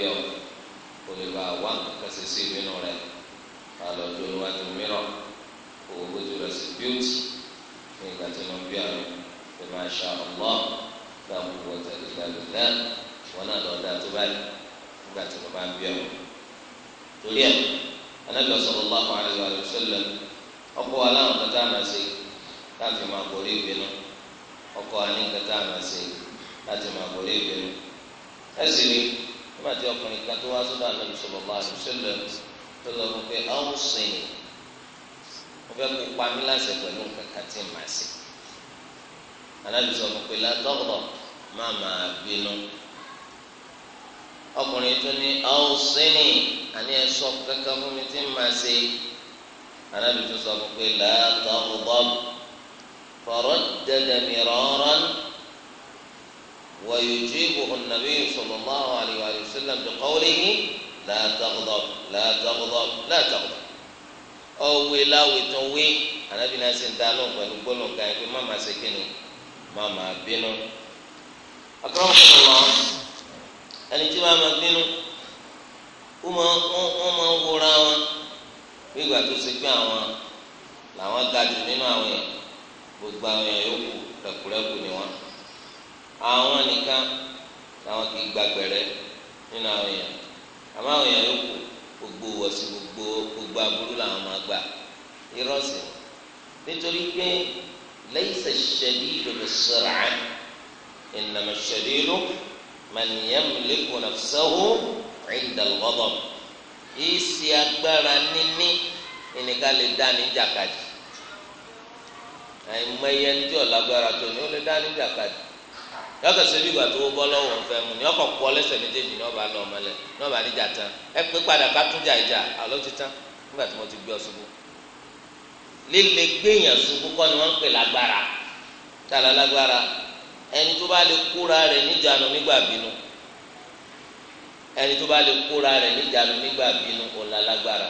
bí ọ kò lè bá wá nǹkan ṣe sí ìbínú rẹ wà lọ ju iwájú mìíràn owó bójú rẹ sí bíútì ní ìgbà tí wọn bí àrùn bí máa ṣe ọlọ bá mú wọtẹ ìgbàlù náà wọn náà lọ dá tó báyìí nígbà tí wọn bá ń bí ọ. torí ẹ anábìá sallallahu alaihi wa sallam ọkọ wa láwọn kan tá a máa ṣe láti máa borí ìbínú ọkọ wa ní kan tá a máa ṣe láti máa borí ìbínú ẹ sì rí i nígbà tí ọkùnrin kan tó wá sọ́dọ̀ ànábì sallallahu alaihi wasallam tó lọ rò pé ọ̀hún sìn mo fẹ́ kó pa mí láṣẹ pẹ̀lú nǹkan kan tí màá ṣe ànábì sọ fún pé látọ́rọ̀ má máa bínú ọkùnrin tó ní ọ̀hún sìn àní ẹ kankan fún mi tí màá ṣe ànábì tó sọ fún pé látọ́rọ̀ fọ̀rọ̀ dẹ́dẹ́ mìíràn rán. ويجيبه النبي صلى الله عليه وآله وسلم بقوله لا تغضب لا تغضب لا تغضب ọwé láwé tó wé anabi náà sì ń dá lóhùn pẹ̀lú gbólóhùn kan pé má máa ṣe kíni má máa bínú. akọ́wọ́n sọ̀rọ̀ lọ ẹni tí wọ́n máa bínú wọ́n máa ń wúra wọn bí ìgbà tó ṣe gbé àwọn làwọn ga jù nínú àwọn yẹn gbogbo àwọn yẹn yóò kú rẹ̀kúrẹ́kù ni wọ́n àwọn nìkan làwọn kì í gba gbẹ̀rẹ́ nínú àwọn èèyàn àmọ́ àwọn èèyàn yòókù gbogbo wọ̀sí gbogbo gbogbo aburú làwọn máa gbà irọ́ sí nítorí pé laysa shadidu bis-sur'a innama shadidu man yamliku nafsahu 'inda al-ghadab ìsì agbára níní ìníkà lè dá ní jàkadì àìmọye ẹni tí ò lágbára tó ní ó lè dá ní jàkadì yọkọ sẹbi ìgbà tó bọ́ lọ́wọ́ nfẹ mu ni ọkọ kọ lẹ́sẹ̀ méjèèjì ní ọba lọ ọmọlẹ ní ọba níjà tán ẹ pé padà ká tún jà ìjà àlọ ti tán nígbà tí mo ti gbé ọ líle gbéyàn ṣubú kọ́ ni wọ́n ń pè lágbára tààlà lágbára ẹni tó bá lè kóra rẹ̀ níjànú nígbà bínú ẹni tó bá lè kóra rẹ̀ níjànú nígbà bínú ọ̀la lágbára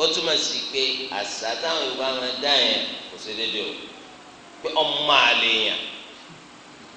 ó túmọ̀ sí pé àṣà táwọn Yorùbá máa dá yẹn kò sí déédéé o pé ọmọ àlè yàn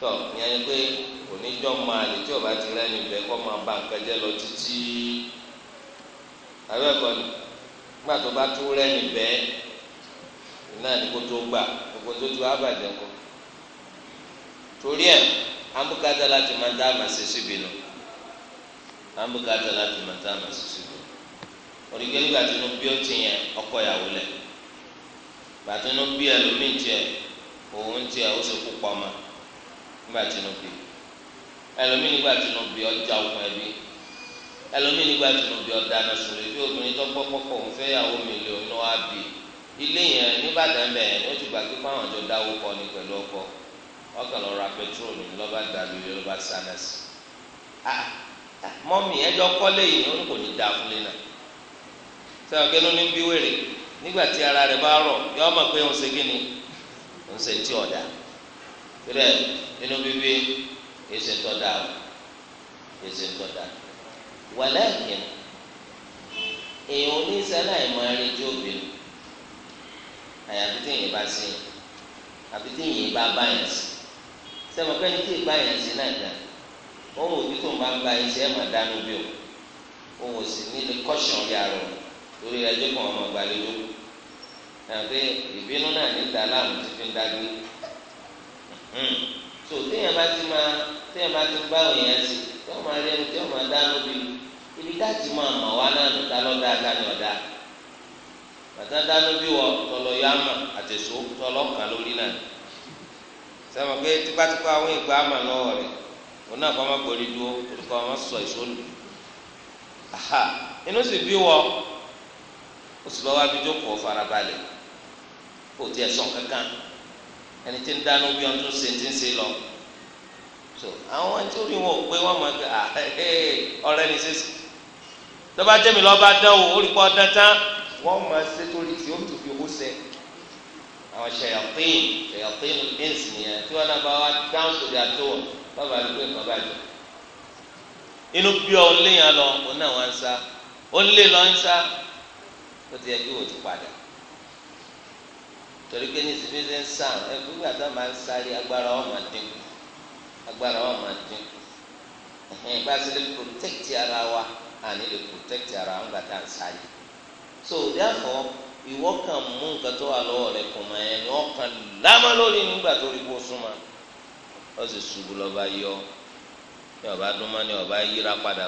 tọ ìyẹn ni pé oníjọ máa lè tí o ti rẹ́ni bẹ́ẹ̀ ba nǹkan jẹ́ lọ títí àbẹ́ ẹ̀kọ́ ni nígbà tó bá tún rẹ́ni bẹ́ẹ̀ ni kó tó gbà gbogbo tó tu abàjẹ́ kọ́ torí ẹ̀ ambukata láti máa dá àmà ṣe síbi nù ambukata láti máa dá àmà nù ọkọ ìyàwó lẹ̀ gbàtí inú bí tiẹ̀ òun tiẹ̀ ó ṣe nígbà tí inú bí ẹlòmíì nígbà tí inú ọjà ẹbí ẹlòmíì nígbà tí bí ọ̀dà náà sọ̀rọ̀ ebi obìnrin tó gbọ́ pọ́pọ́ òun fẹ́ yàwó mi lè ilé yẹn nígbàdàn bẹ̀ yẹn ó ti gbà pé fáwọn dáwó kọ ni pẹ̀lú ọkọ ọkàn lọ ra pẹtrol lọ́ba ilé lọ́ba rẹ inú bíbí èsì ń tọ́da èsì ń tọ́da wàlẹ́kìn èèyàn oníṣẹ́lá ìmọ̀ ẹrin tí ó bínú àyàfi tí èèyàn bá sí yẹn àfi tí èèyàn bá bá yẹn sí sẹ́mi pé ní tí ì bá yẹn sí náà dá òun òbí tó ń bá ń bá yẹn sí ẹ̀ máa dánú bí o òun ò sì nílé kọ́ṣọ̀n rí arọ lórí ẹjọ́ kan ọmọ ìgbàlejò náà pé ìbínú náà ní dàlámù ti fi ń dágbé. Hmm. so téèyàn bá ti máa téèyàn bá ti òyìn ẹsẹ tí wọn máa rí ẹni tí wọn máa dá ibi táàtì máa mọ̀ wá náà ló dá lọ́dá dání ọ̀dá bàtà dá lóbi wọ tọlọ yọ àmà tọlọ kà lórí náà sẹ́wọ̀n pé tipátipá àwọn ìgbà àmà lọ́wọ́ òun náà kọ́ máa gbòòrì dúró olùkọ́ sọ lù aha inú sì bí wọ oṣù lọ́wọ́ farabalẹ̀ kò tiẹ̀ sọ̀ kankan. ẹni tí ń dáná bí wọn tó ṣe ti ń ṣe lọ so àwọn tí ó rí wọn ò pé wọn máa gbé ah, ọ̀rẹ́ ní sísè tó bá jẹ́ mi lọ́ọ́ bá dán o ó rí pọ́ dán tán wọ́n máa ṣe torí tí ó tún fi owó ṣe àwọn ṣèyàpín ṣèyàpín ins nìyẹn tí wọn náà bá wá dáhùn sórí àtó bàbá àdúgbò nǹkan báyìí inú bí ọ léèyàn lọ òun náà wọn ń sá ó lé lọ ń sá ó ti yẹ kí wò ti padà torí pé ní ìsìnkú ṣe ń sàn ẹkú gbà tó máa ń sáré agbára agbára protect ara wa àní lè protect ara wa ńgbà à so therefore ìwọ kan mú nǹkan tó wà lọ́wọ́ rẹ kùn máa yẹn ni wọ́n lórí nígbà tó rí kó sì ṣubú yọ ní ọba dúnmọ́ ní ọba yíra padà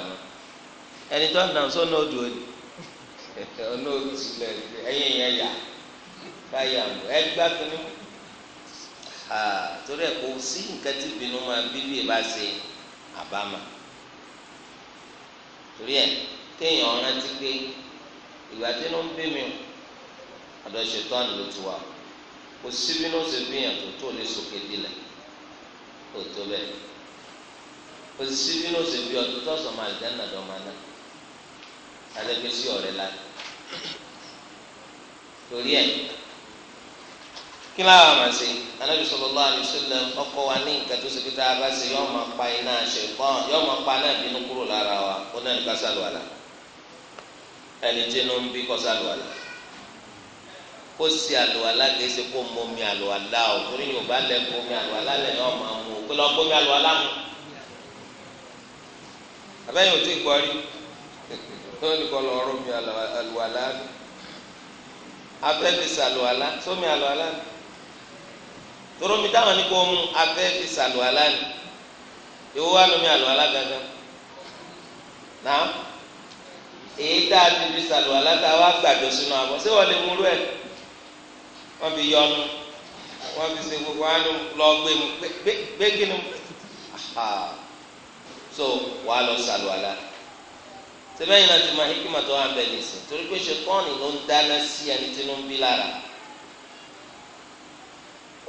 ni báyà ń lò ẹ gbá pinnu torí ẹ kò sí nǹkan tí pinnu máa bí bí ẹ bá ṣe àbámà torí ẹ kéèyàn rántí pé ìgbà tí ló ń bí mi ọ̀dọ̀ ṣetán ló ti wà kò sí bí ló ṣe bíyàn tó tó lè sòkè dilẹ̀ kò tó bẹ́ẹ̀ kò sí bí ṣe bí ọdún tó sọ máa dẹ́nà dọ́mà náà alẹ́ fi sí ọ̀rẹ́ láti torí ẹ kí láwọn àmà ṣe anábì sallallahu alaihi wasallam ọkọ wa ní nǹkan tó ṣe pé tá a bá ṣe yọọ máa pa iná ṣe pọn yọọ máa pa náà bínú kúrò lára wa ó náà ní ká sàlùwàlà ẹni tí inú ń bí kọ sàlùwàlà ó ṣe àlùwàlà kì í ṣe kó mọ omi àlùwàlà o torí yorùbá lẹ́kọ̀ọ́ omi àlùwàlà lẹ́yìn ọmọ àmú o pé lọ́ọ́ gbómi àlùwàlà mu abẹ́yẹn ò tí ì gbọ́ lọ́wọ́ ní kọ́ lọ ọ̀rọ̀ mi àlùwàlà mi afẹ́ sómi àlùwàlà mi toro mi táwọn ní kó mú afẹ́ fi sàlùwàlá ni ìwọ wa lómi àlùwàlá gangan náà èyí tá a ti fi sàlùwàlá tá a wá gbàdó sínú àbọ̀ ṣé wọ́n lè múlò ẹ̀ wọ́n fi yọ ọ́nu wọ́n fi ṣe gbogbo àánú lọ gbé mu gbé kínú so wà á lọ sàlùwàlá sẹ́fẹ̀yìn náà ti máa hikima tó wà ń bẹ̀ nìsín torí pé ṣe kọ́ọ̀nì ló ń dáná sí ẹni tí ló ń bí lára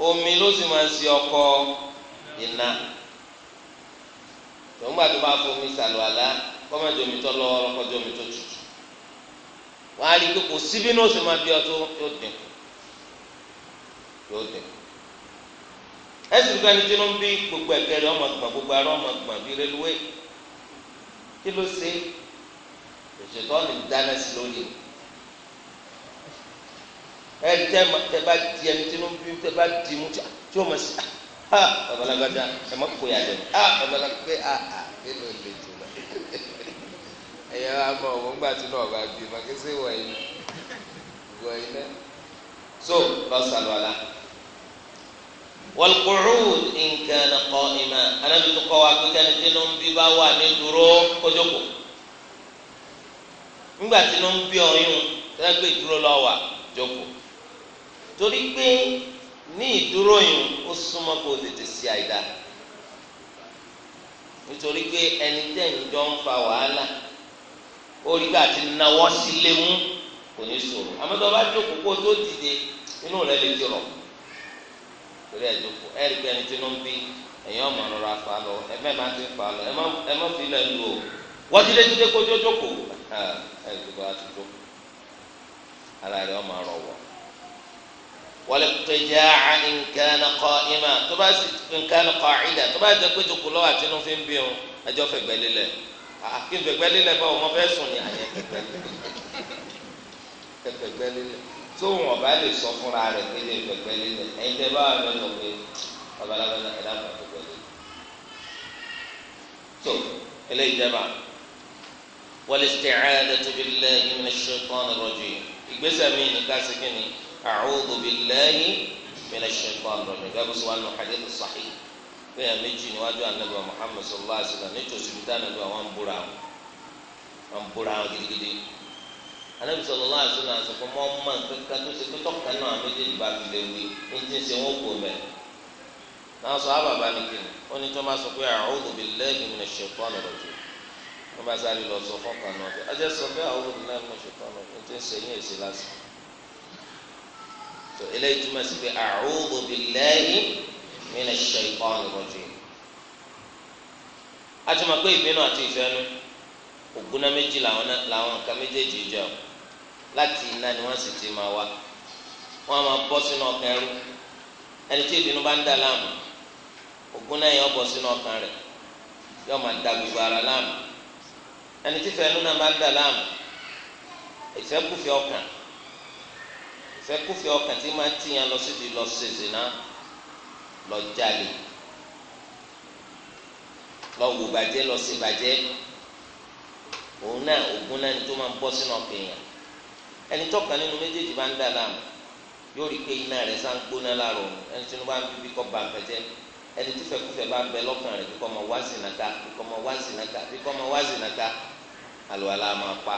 omi ló sì máa ṣe ọkọ iná tòun gbàdúrà bá fomi sàlùwàlá kọ́mọ̀jọ omi tọ́ lọ́wọ́ ọlọ́kọ́jọ omi tó tutù wọ́n á rí i pé kò síbí náà sì máa bí ọtún yóò dínkù yóò dínkù ẹsùn kan ní tinubu bí gbogbo ẹkẹrẹ ọmọ gbọn gbogbo ara ọmọ gbọn bíi reluwé kí ló ṣe ìṣètò ọ̀nà ìdáná sí lónìí ẹni tẹ ma tẹ bá di ẹni tí ló ń bí tẹ bá di mu tí o ma si ha babalagbaja ẹ ma kó ya jẹ ha babalagbe ha ha ẹ lọ lè tó la ẹ yẹ wá mọ òun gbà tí náà bá bí ma kí sẹ wọ yìí wọ yìí so lọsàlù ala wọlùkùrùd nǹkan kọ ìmọ̀ anábìtú kọ́ wa pé kẹ́ni tí ló ń bí bá wà ní dúró kójókò nígbà ló ń bí ọyún tẹ́lẹ̀ pé ìdúró lọ́wọ́ jókòó torí pé ní ìdúró yìí ó súnmọ́ kó o tètè sí àìdá nítorí pé ẹni tẹ́yìn jọ ń fa wàhálà ó rí gbà tí nawọ́ sí léwu kò ní sọ̀rọ̀ amẹ́tọ́ bá jókòó kó o tó dìde inú rẹ̀ lè ti rọ̀ torí ẹ̀ jókòó ẹ̀ rí pé ẹni tí ló ń bí ẹ̀yin ọmọ ọ̀rọ̀ afa lọ ẹ máa ti fa lọ ẹ má fi lẹ́nu o wọ́n ti lé ti dé kó jójókòó ẹ̀ ah, ẹ̀ a ti jókòó ara rẹ̀ ọmọ ọ̀rọ̀ wọ̀ wàlẹ́kùtẹ̀jẹ́ ànìkànnà kọ́ ìmà tó bá sì nkànnà kọ́ àìdá tó bá jẹ́ pé tó kù lọ́wọ́ àti inú fi ń bí wọn ẹjọ́ fẹ̀gbẹ́ lélẹ̀ àfi ah, fẹ̀gbẹ́ lélẹ̀ báwo wọn fẹ́ sùn ní àyẹ̀ fẹ̀gbẹ́ lélẹ̀ tó wọn bá lè sọ fúnra rẹ̀ pé lè fẹ̀gbẹ́ lélẹ̀ ẹ̀yin tẹ́ bá wà lọ́nà pé babaláwo ẹ̀dá kan fẹ̀gbẹ́ lélẹ̀ tó eléyìí jẹ́ bá wal isti'adatu billahi minash shaitani rajim ìgbésẹ̀ mi ní ká a'udhu billahi minash shaitanir rajim gẹ́gẹ́ sọ wà nù hadith sahih bẹ́ẹ̀ méjì níwájú anabi wa muhammed sallallahu alayhi wa sallam nítòsí bí tánabi wa wọn búra wọn wọn búra wọn gidigidi anabi sallallahu alayhi wa sallam sọ fún mọ́ mọ́ nǹkan tó ṣe pé tọ́ka náà méjèèjì bá fi lè wí ní ti ṣe wọn kò mẹ́ náà sọ àbàbà ni kí ni ó ní tí wọn bá sọ pé a'udhu billahi minash shaitanir rajim wọn bá sáré lọ sọ fún kan náà ọjọ́ sọ pé a'udhu billahi minash shaitanir rajim ní ti ṣe yín èsì lásán tó eléyìí túmọ̀ sí pé a'udhu billahi minash shaitani rajim a ti mọ̀ pé ìbínú àti ìfẹ́nu ògúnná méjì làwọn nǹkan méjèèjì jẹ́ o láti iná ni wọ́n sì ti máa wá wọ́n á máa bọ́ sínú ọkàn ẹrú ẹni tí ìbínú bá ń dà láàmú ògúnná yẹn ó bọ́ sínú ọkàn rẹ̀ yóò máa da gbogbo ara láàmú ẹni tí ìfẹ́nu náà bá ń dà láàmú ìfẹ́ kúfẹ́ ọkàn ìfẹ́kùfẹ́ ọkàn tí máa ń tìyàn lọ sí ti lọ ṣèṣe náà lọ jalè lọ wò bàjẹ́ lọ ṣe bàjẹ́ òun náà ògùn náà ni tó máa ń bọ́ sínú ọkàn èèyàn ẹni tọ́ka nínú méjèèjì bá ń dà láàmú yóò rí i pé iná rẹ̀ sá ń gbóná láàrọ̀ ẹni tí wọ́n bá ń bíbí kọ́ ba àgbẹ̀jẹ́ ẹni tí fẹ́kùfẹ́ bá bẹ lọ́kàn rẹ̀ kíkọ́ ọmọ wá sí nàka kíkọ́ ọmọ wá sí nàka kíkọ́ ọmọ wá sí nàka àlùwàlá máa pa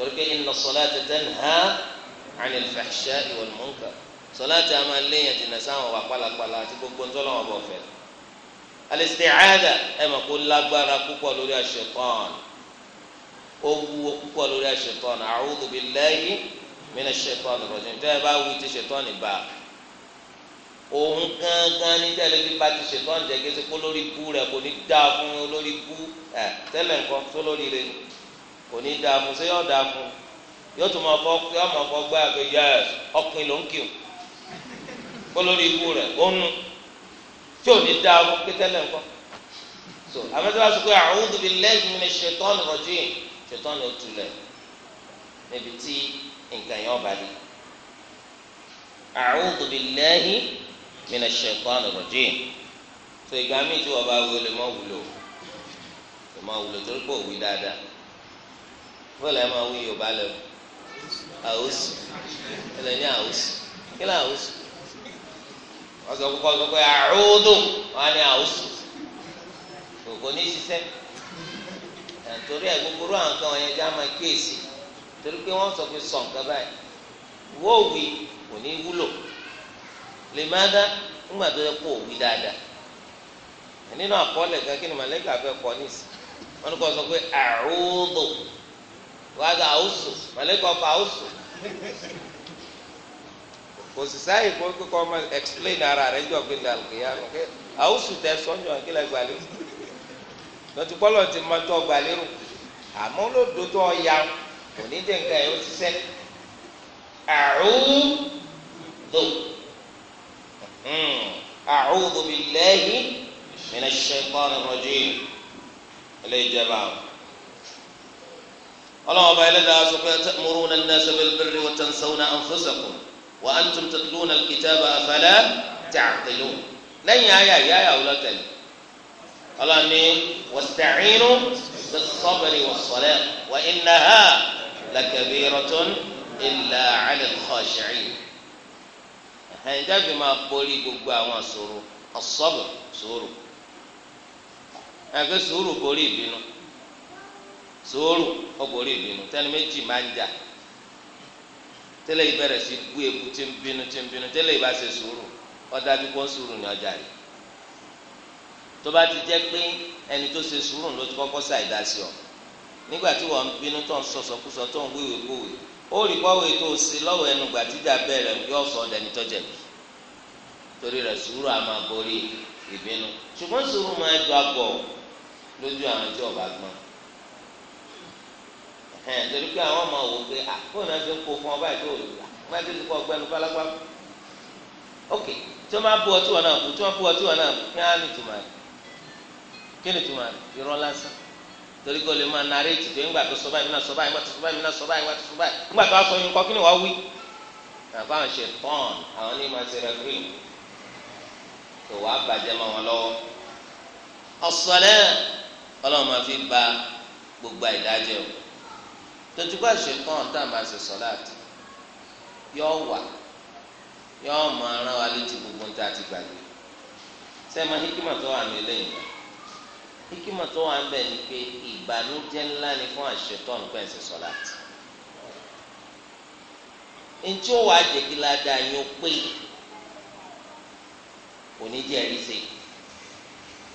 torí pé inna salata tanha 'anil fahsha'i wal munkar sọláàtì a máa léyìn àti nàṣàwọn wà pálapàla àti gbogbo ńtọ́lọ́wọ́n bọ̀ fẹ́. al-isti'adha ẹ mọ̀ kó lágbára púpọ̀ lórí ash-shaytan ó wúwo púpọ̀ lórí ash-shaytan a'udhu billahi minash shaytanir ti ṣẹ̀tọ́n bá òun gángan ní tẹ́lẹ̀ bí bá ti ṣẹ̀tọ́n jẹ́ kí ẹ sẹ́ kó lórí bú rẹ̀ kò ní dáa fún olórí bú ẹ̀ tẹ́lẹ̀ nǹkan tó kò ní dáa fún ṣé yóò dáa fún yóò tún máa fọ yóò máa fọ gbá pé yẹs ọkùnrin ló ń kí o kó lórí ikú rẹ̀ ó nu tí ò ní dáa fún pétẹ́lẹ̀ nǹkan so àmọ́tí wàá sọ pé a'udhu billahi minash shaitani rajim ṣètọ́nù ó tulẹ̀ níbi tí nǹkan yẹn ọba dé a'udhu billahi minash shaitani rajim so ìgbà míì tí wọ́n bá wọlé mọ́ wúlò mọ́ wúlò torí pé òwì dáadáa bọ́ọ̀lù ẹ̀ máa wí yorùbá lẹ́nu àwòsì ẹlẹ́ ní àwòsì kí ni àwòsì wọ́n sọ kókó sọ pé àrùdù wọ́n á ní àwòsì kòkó ní ṣiṣẹ́ torí ẹ̀ gbogbo àwọn kan wọ̀nyẹn já máa kíyèsí torí pé wọ́n sọ pé sọ nǹkan báyìí wọ́n wí kò ní wúlò lè má dá nígbà tó yẹ kó wí dáadáa nínú àkọọ́lẹ̀ gan kí ni màlẹ́kà fẹ́ kọ́ nísì wọ́n ní kó sọ pé àrùdù wàá gba àwòsò mọ̀lẹ́kọ̀ ọkọ̀ àwòsò kò sì sáyè kó kó ọmọ explain ara rẹ̀ jọ pé làlùkìyà ọ̀kẹ́ àwòsò tẹ sọ́njọ́ kílẹ̀ gbàlérò lọ́tí bọ́lọ̀ ti mọ tó gbàlérò àmọ́ lódò tó ọ̀ya kò ní dé nǹkan ẹ̀ ó ti sẹ́ àrùdò àrùdò billahi minash shaytanir rajim ẹlẹ́yìí jẹ́ báwọn ọlọ́wọ́ bá ẹlẹ́dàá sọ pé ta'muruna an-nasa bil-birri wa tansawna anfusakum wa antum tatluna al-kitaba afala ta'qilun lẹ́yìn ayé ayé ayé àwọn ọlọ́tẹ̀lẹ̀ ọlọ́ni wasta'inu bis-sabri was-salati wa innaha lakabiratun illa 'ala al-khashi'in ẹ̀yìn jáde máa borí gbogbo àwọn àṣòro as-sabr sùúrù ẹ̀fẹ́ sòórù ọgbọrọ ìbínú tẹ́ni méjì máa ń jà tẹ́lẹ̀ ìbẹ̀rẹ̀ sí bú ebu tí ń bínú tí ń bínú tẹ́lẹ̀ ìbá ṣe sòórù ọ̀dájú kó ní ọjà tó bá ti jẹ pé ẹni tó ṣe sòórù ló ti kọ́kọ́ ṣàìdá sí ọ nígbà tí wọ́n bínú tó ń tó ń wíwèé ó rí tó ẹ torí pé àwọn ọmọ wò pé à náà ń kó fún ọ báyìí tó rà má ti ok tí bá bu ọtí wọn náà bu tí bu ọtí wọn náà bu kí á ní tùmọ̀ kí ni tùmọ̀ irọ́ lásán torí kò lè máa pé ńgbà tó sọ báyìí náà sọ báyìí sọ báyìí náà sọ báyìí sọ tọ́júbà ṣetán tá a máa ṣe sọ́láàtì yọ wà yọ máa rán wa létí gbogbo ń tá a ti gbàgbé sẹ́mi hikima tó wà ní eléyìí hikima tó wà ń ni pé ìbànújẹ́ ńlá ni fún àṣetán pẹ̀ ṣe sọ́láàtì ntí ó wàá jẹ́ kí ládàá yín ó pé onídìí ẹ̀rí ṣe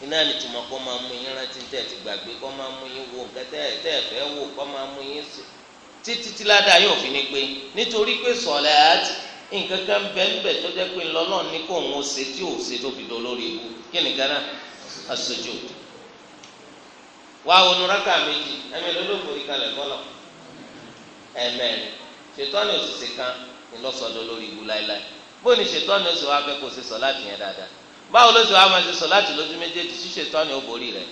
iná nìtumọ̀ kọ́ máa mú yín rántí ti gbàgbé kọ́ máa mú yín wo nǹkan tẹ́ tẹ́ fẹ́ wò kọ́ máa mú yín sùn títí tí ládàá yóò fi ní pé nítorí pé sọ̀lẹ́ àti nǹkan kan tó jẹ́ pé ní kò ń ṣe tí ò ṣe tó fi dọ́ lórí ewu kí ni gánà méjì ẹ̀mí ẹ̀mẹ́rin òṣìṣẹ́ báwo ló ti wá máa ṣe sọ láti lójú méjèèjì ṣíṣe tán ni ó borí rẹ̀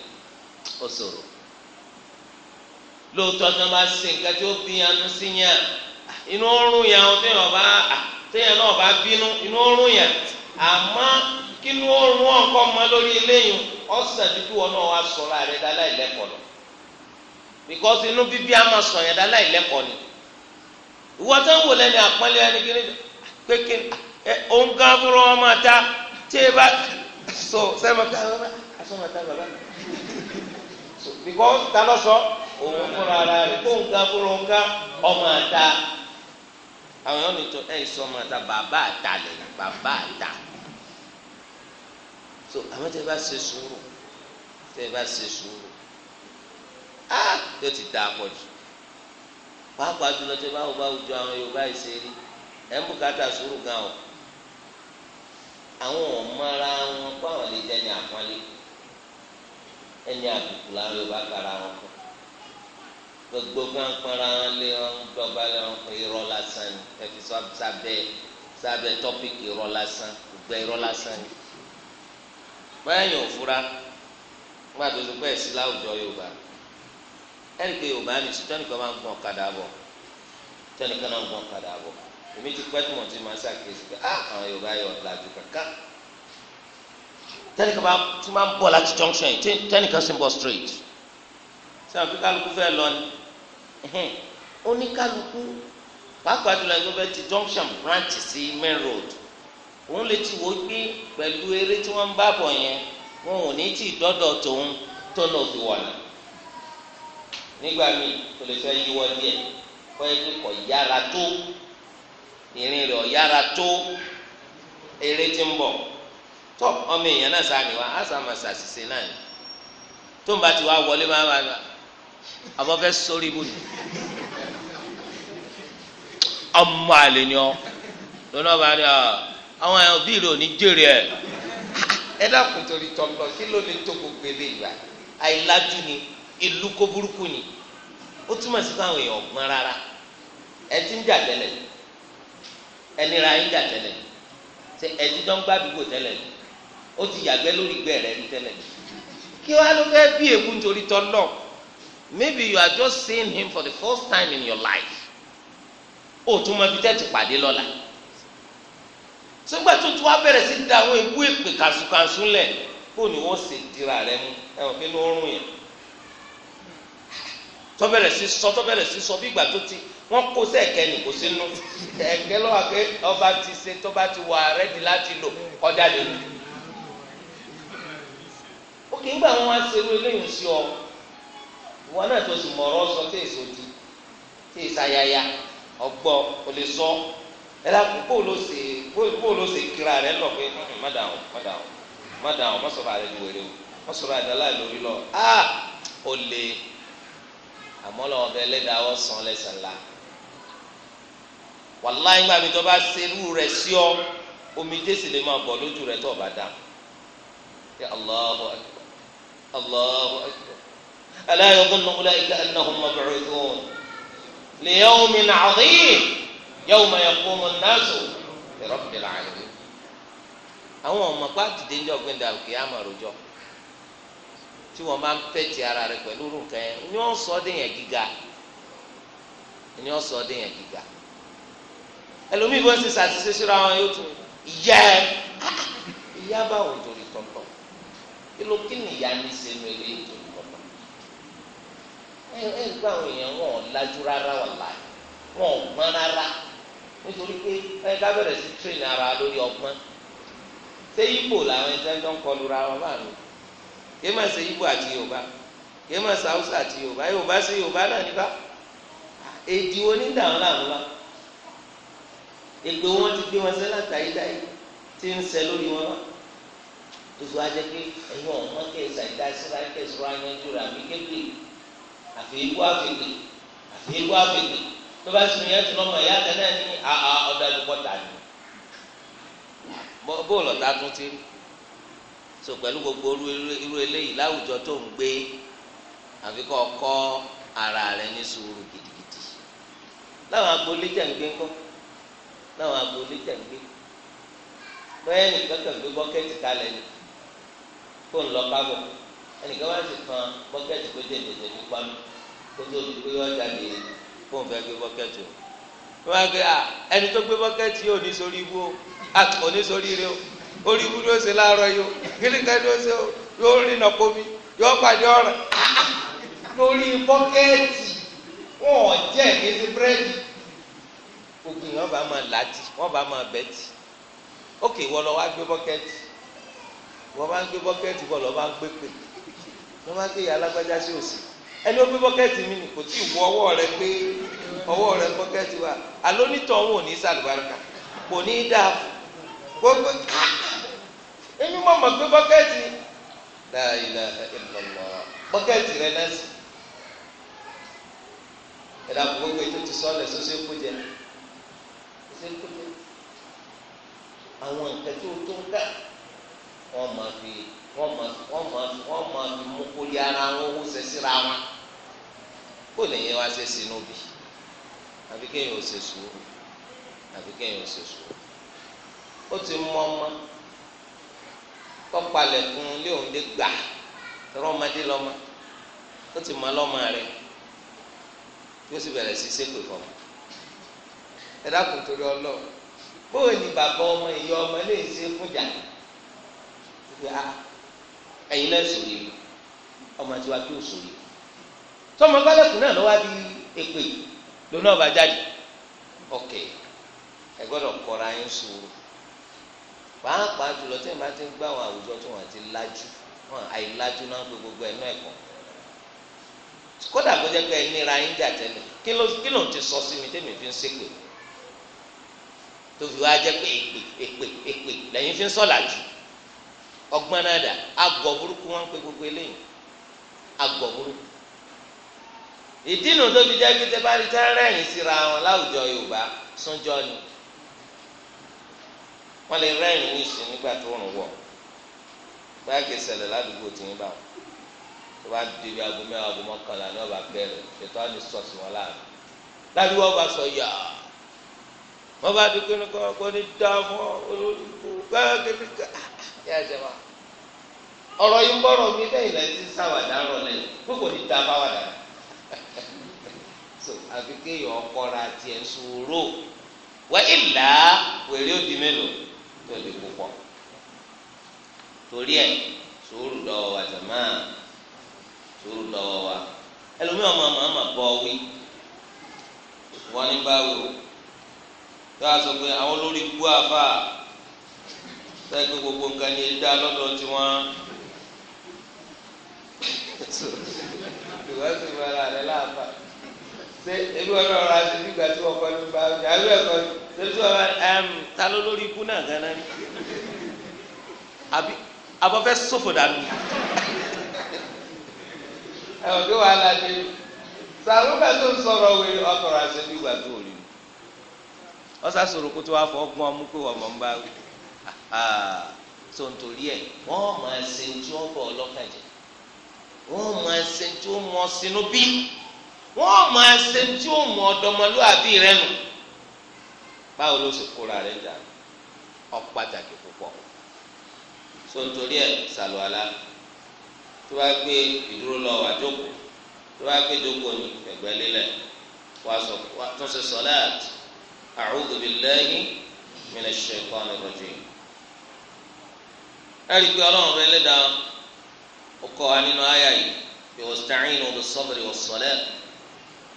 ó ṣòro lóòótọ́ tí wọ́n bá ṣe nǹkan tí ó bí yanu sí yàn inú oorun yàn ó téèyàn bá téèyàn náà bá bínú inú oorun yàn àmọ́ kí inú oorun mọ lórí wọn náà wá ìlẹ́kọ̀ọ́ lọ because inú bíbí ìlẹ́kọ̀ọ́ ni ń wò àpọ́nlé ẹni pé tí e bá so sẹ́mi ká ló ń asọ́mọ tá bàbá mi so because ta lọ sọ òun fúnra ara rẹ kó nǹkan fúnra nǹkan ọmọ àta àwọn yóò ní tó ẹ sọ ọmọ àta bàbá àta lẹ bàbá àta so àwọn tí e bá ṣe sùúrù tí e bá ṣe sùúrù ah yóò ti dá a pọ̀ jù pàápàá jùlọ tí e bá wò bá wùjọ àwọn Yorùbá yìí ẹ̀ ń bùkátà sùúrù gan o àwọn ò mọra wọn kó àwọn lè jẹ ní àpọ́nlé ẹni àbùkù làwọn yóò bá kára wọn kọ gbogbo pàǹpàǹra wọn lé wọn dọ́gba lé wọn fún irọ́ lásán ni ẹfi sábẹ́ sábẹ́ tọ́pìkì irọ́ lásán gbẹ irọ́ lásán ni báyà yóò fura wọn àtúntò pẹ́ sí láwùjọ yorùbá ẹ̀rí pé yorùbá ni sítọ́nìkan máa ń gbọ́n ọ̀kadà bọ̀ tẹ́nìkan náà ń gbọ́n ọ̀kadà bọ̀ èmi ti pẹ́ tí mo ti máa ṣàkíyèsí pé ah, àwọn yorùbá yọ ọ̀làjú kankan tẹnikan bá ti máa ń bọ̀ láti junction yìí tẹnikan sì ń bọ̀ straight ṣé àwọn kíkálukú fẹ́ lọ ni oníkálukú pàápàá jùlọ ẹni tó fẹ́ ti junction branch sí main road òun lè ti wò ó gbé pẹ̀lú eré tí wọ́n ń bá bọ̀ yẹn wọn ò ní tí ì dọ́dọ̀ tòun tó náà fi wọ̀nà nígbà míì kò lè fẹ́ yíwọ́ díẹ̀ ìrìn rẹ̀ ọ̀yára tó eré tí ń bọ̀ tọ́ ọmọ èèyàn náà sáni wa àsàmàsà náà ni tó ń bá ti wá wọlé máa bá a ni ọmọ àlè ni ọ lọ́nà bá ní àwọn ẹ dákun torí tọ́lọ kí ló tó gbogbo ni ìlú kó burúkú ni ó túmọ̀ sí ẹnira yín dà tẹ́lẹ̀ ṣe ẹdídọ́ ń gbàdúgbò tẹ́lẹ̀ ó ti yàgbẹ́ lórí gbẹ́ rẹ̀ ní tẹ́lẹ̀ kí wàá ló fẹ́ bí èkú nítorí tọ́lọ̀ maybe you are just seeing him for the first time in your life ó tún mọ ibi tẹ́ ti pàdé lọ́la sígbà tó tún wá bẹ̀rẹ̀ sí da àwọn ewu èpè kàṣùkàṣù lẹ̀ kó ni wọ́n sì dira rẹ̀ mú ẹ̀wọ̀n kí ló ń rún yẹn tọ́bẹ̀rẹ̀ sí sọ tọ́bẹ̀rẹ̀ sí sọ bí ìgbà tó ti wọn kó sẹkẹ ní kó sínú ẹkẹ lọ wà pé ọba ti ṣe tọba ti wà rẹdi láti lò kọjá lè lò ó kì í gbà wọn wá serú eléyìí sí ọ ìwọ náà tó sì mọ̀rọ̀ sọ tí èso di tí èsayaya ọgbọ ò lè sọ ẹ lápò kó ló ṣe kó ló ṣe kíra rẹ lọ pé mọdàwọn mọdàwọn mọdàwọn mọsọ̀rọ̀ àrẹ ni wèrè o mọsọ̀rọ̀ àdá láì lórí lọ a ò lè àmọ́ lọ́wọ́ bẹ ẹlẹ́dàá ọ̀sán lẹ́sàn-án la. wàláyé ńgbà mi tó bá serú sí ọ omi jésì lè máa bọ̀ lójú rẹ̀ tó o bá ya Allahu akbar Allahu akbar ala yadhunnu ulaika annahum mab'uthun li yawmin 'azim yawma yaqumu an na li rabbil 'alamin àwọn ọmọ pa dìde ní ọgbìn dàrú kì í àmọ àròjọ tí wọn máa ń pẹtì ara rẹ̀ pẹ̀lú yẹn gíga yẹn gíga ẹlòmíì bó ṣe ṣàṣìṣe síra wọn yóò tún yẹ ìyá bá wọn torí tọ̀tọ̀ kí ló kí ni ìyá mi ṣe nu ilé ìtòrí tọ̀tọ̀ ẹ ẹ gbọ́ àwọn èèyàn wọn ò lajú rárá wà láàyè wọn ò gbọ́n rárá nítorí pé ẹ ká bẹ̀rẹ̀ sí tírìn ara lórí ọgbọ́n ṣé ibo làwọn ẹ̀jẹ̀ ń kọlu ra wọn báà lò kí ẹ má ṣe ibo àti yorùbá kí má ṣe haúsá àti yorùbá yorùbá sí yorùbá náà nípa èdè onídàá ńlá ńlá ègbè wọn ti gbé wọn sẹ́lá tàyídáyé tí ń sẹ lórí wọn wá tuntun ajẹ pé ẹ̀yin wọn kẹ́ ẹ̀sà ìdásíra kẹ́sìrọ̀ ayanjú rẹ̀ àbí kékeré àfi ikú àfèké àfi ikú àfèké tó bá sùn yẹn tún ọmọ ìyá kan ní àà ọ̀dà ìdúpọ̀tà ni bóòlù ọ̀tá tún ti so gbogbo irú eléyìí láwùjọ tó àfi kọ́ ara gidigidi láwọn agboolé jẹ́ ń láwọn agboolé tẹ̀gbé bẹ́ẹ̀ nìkan tẹ̀gbé bọ́kẹ́tì kalẹ̀ ni kó ń lọ kábọ̀ ẹnìkan wá sì kan bọ́kẹ́tì kó dé dèdè ní pamọ́ kó tó di pé ọjà lè kó ń fẹ́ gbé bọ́kẹ́tì o wọ́n á gbé à ẹni tó gbé bọ́kẹ́tì yóò ní sórí ibú o àtọ̀ ní sórí ire o orí ibú ló ṣe láàárọ̀ yìí o kílíkà ló ṣe o yóò rìnà pomi yóò pàdé ọ̀rẹ́ lórí bọ́kẹ́tì wọn jẹ́ ìgbésí búrẹ́dì gbogbo yìí wọ́n bá máa làtì wọ́n bá máa bẹ́tì ókè wọ́n lọ wá gbé bọ́kẹ́tì wọ́n bá ń gbé bọ́kẹ́tì bọ́ lọ́ bá ń gbé pè wọ́n bá ń gbé yà alágbájá sí òsì ẹni ó gbé bọ́kẹ́tì mi nì kò tí ì wọ ọwọ́ rẹ pé ọwọ́ rẹ bọ́kẹ́tì wa alónítọ̀ òun ò ní sàlùbáríkà kò ní í dáa gbogbo ah! èmi mọ̀ mọ̀ gbé bọ́kẹ́tì la ilaha illallah rẹ náà sì ẹ̀dá gbogbo ètò ti sọ́ọ̀lẹ̀ sọ́sẹ́ kó jẹ ṣe kúlẹ̀ àwọn nǹkan tí o tó ń dà wọ́n máa fi wọ́n máa fi wọ́n máa fi wọ́n máa fi mú kórè ara wọn owó ṣe síra wọn kó lè yẹn wá ṣe sínú bì àfi kéèyàn ò ṣe sùúrù àfi kéèyàn ò ṣe sùúrù ó ti mú ọmọ tọ́palẹ̀ fún un lé òun lé gbà tọ́rọ ọmọdé lọ́mọ ó ti mọ ọlọ́mọ rẹ̀ yóò sì bẹ̀rẹ̀ sí ṣépè fọmọ ẹ dákun torí ọlọ́run bóyá ni bàbá ọmọ ìyá ọmọ lè ṣe fúnjà ah, ẹ̀yin náà sòrí ọmọ tí wàá kí ó sòrí tọmọ gbálẹ̀kùn náà lọ́wọ́ di èpè lónà ọba jáde ọkẹ ẹ gbọ́dọ̀ kọ́ra yín sùúrù pàápàá jùlọ tí ẹ bá ti ń gbá àwọn àwùjọ tí wọn ti lájú wọn àìlájú náà pé gbogbo ẹnu ẹ̀kọ́ kódà kó jẹ́ pé ẹ níra yín jà tẹ́lẹ̀ kí ló ń ti sọ sí mi tẹ́mi fi ń ṣépè tó fi wá jẹ pé èpè èpè èpè lẹ́yìn fi ń sọlá jù ọgbọ́n náà dà agọ burúkú wọn pé gbogbo eléyìí agọ burúkú ìdí nu tó fi jẹ́ pé tẹ́ bá rí tẹ́rẹ̀yìn síra wọn láwùjọ Yorùbá súnjọ́ ni wọ́n lè rẹ́rìn ní ìsìn nígbà tó rùn wọ̀ báyà kì í ṣẹlẹ̀ ládùúgbò tí ń bá wọn tó bá di ibi aago mẹ́wàá ní ọba bẹ̀rẹ̀ ṣètò àmì wọn láàrin ládùúgbò ọba sọ yàrá. wọ́n bá dúpẹ́ ní kọ́ kọ́ ní dáhùn olórí gbá ká yà jẹ wa ọ̀rọ̀ yìí ń bọ̀rọ̀ mi lẹ́yìn lẹ́yìn sáwàdà rọ̀ lẹ́yìn gbogbo ní da fáwàdà so àfi kéèyàn ọkọra tiẹ̀ sòrò wà ìlà wèrè òdì mélòó tó lè púpọ̀ torí ẹ̀ sòrò lọ́wọ́ wa jàmá sòrò lọ́wọ́ wa ẹlòmíràn máa máa bọ̀ wí wọ́n ní báwo. tó a sọ pé àwọn olórí gbó àfà sẹ́yìn pé gbogbo nǹkan ni dá lọ́dọ̀ tiwọn ìwọ sì fẹ́ ra rẹ láàbà ṣé ebi wọn náà ra sí nígbà tí wọn kọ́ ní bá mi àbí ẹ̀kọ́ ṣé tí wọn ta ló lórí ikú náà gan-an ni àbí abọ́fẹ́ sòfò dànù ẹ̀wọ̀n kí wàhálà dé sàrúbà tó ń sọ̀rọ̀ wẹ̀ ọkọ̀ rà sí nígbà tó o wọ́n sàṣòro kó tó wá fọ́ gbọ́n mú pé wọ́n mọ̀ ń bá wí so nítorí ẹ̀ wọ́n máa ṣe tí wọ́n bọ̀ ọlọ́kàn jẹ́ wọ́n máa ṣe tí ó mọ sínú bí wọ́n máa ṣe tí ó mọ ọ̀dọ́mọlúwàbí rẹ nù báwo ló sì kóra rẹ jà ọ púpọ̀ so nítorí ẹ̀ sàlùwàlà tó bá gbé ìdúró lọ wà jókòó tó bá gbé jókòó ní ẹ̀gbẹ́ lélẹ̀ wà sọ wà tó ṣe sọláàtì. أعوذ بالله من الشيطان الرجيم ألف يرون بلدا وقوانين آيائي واستعينوا بالصبر والصلاة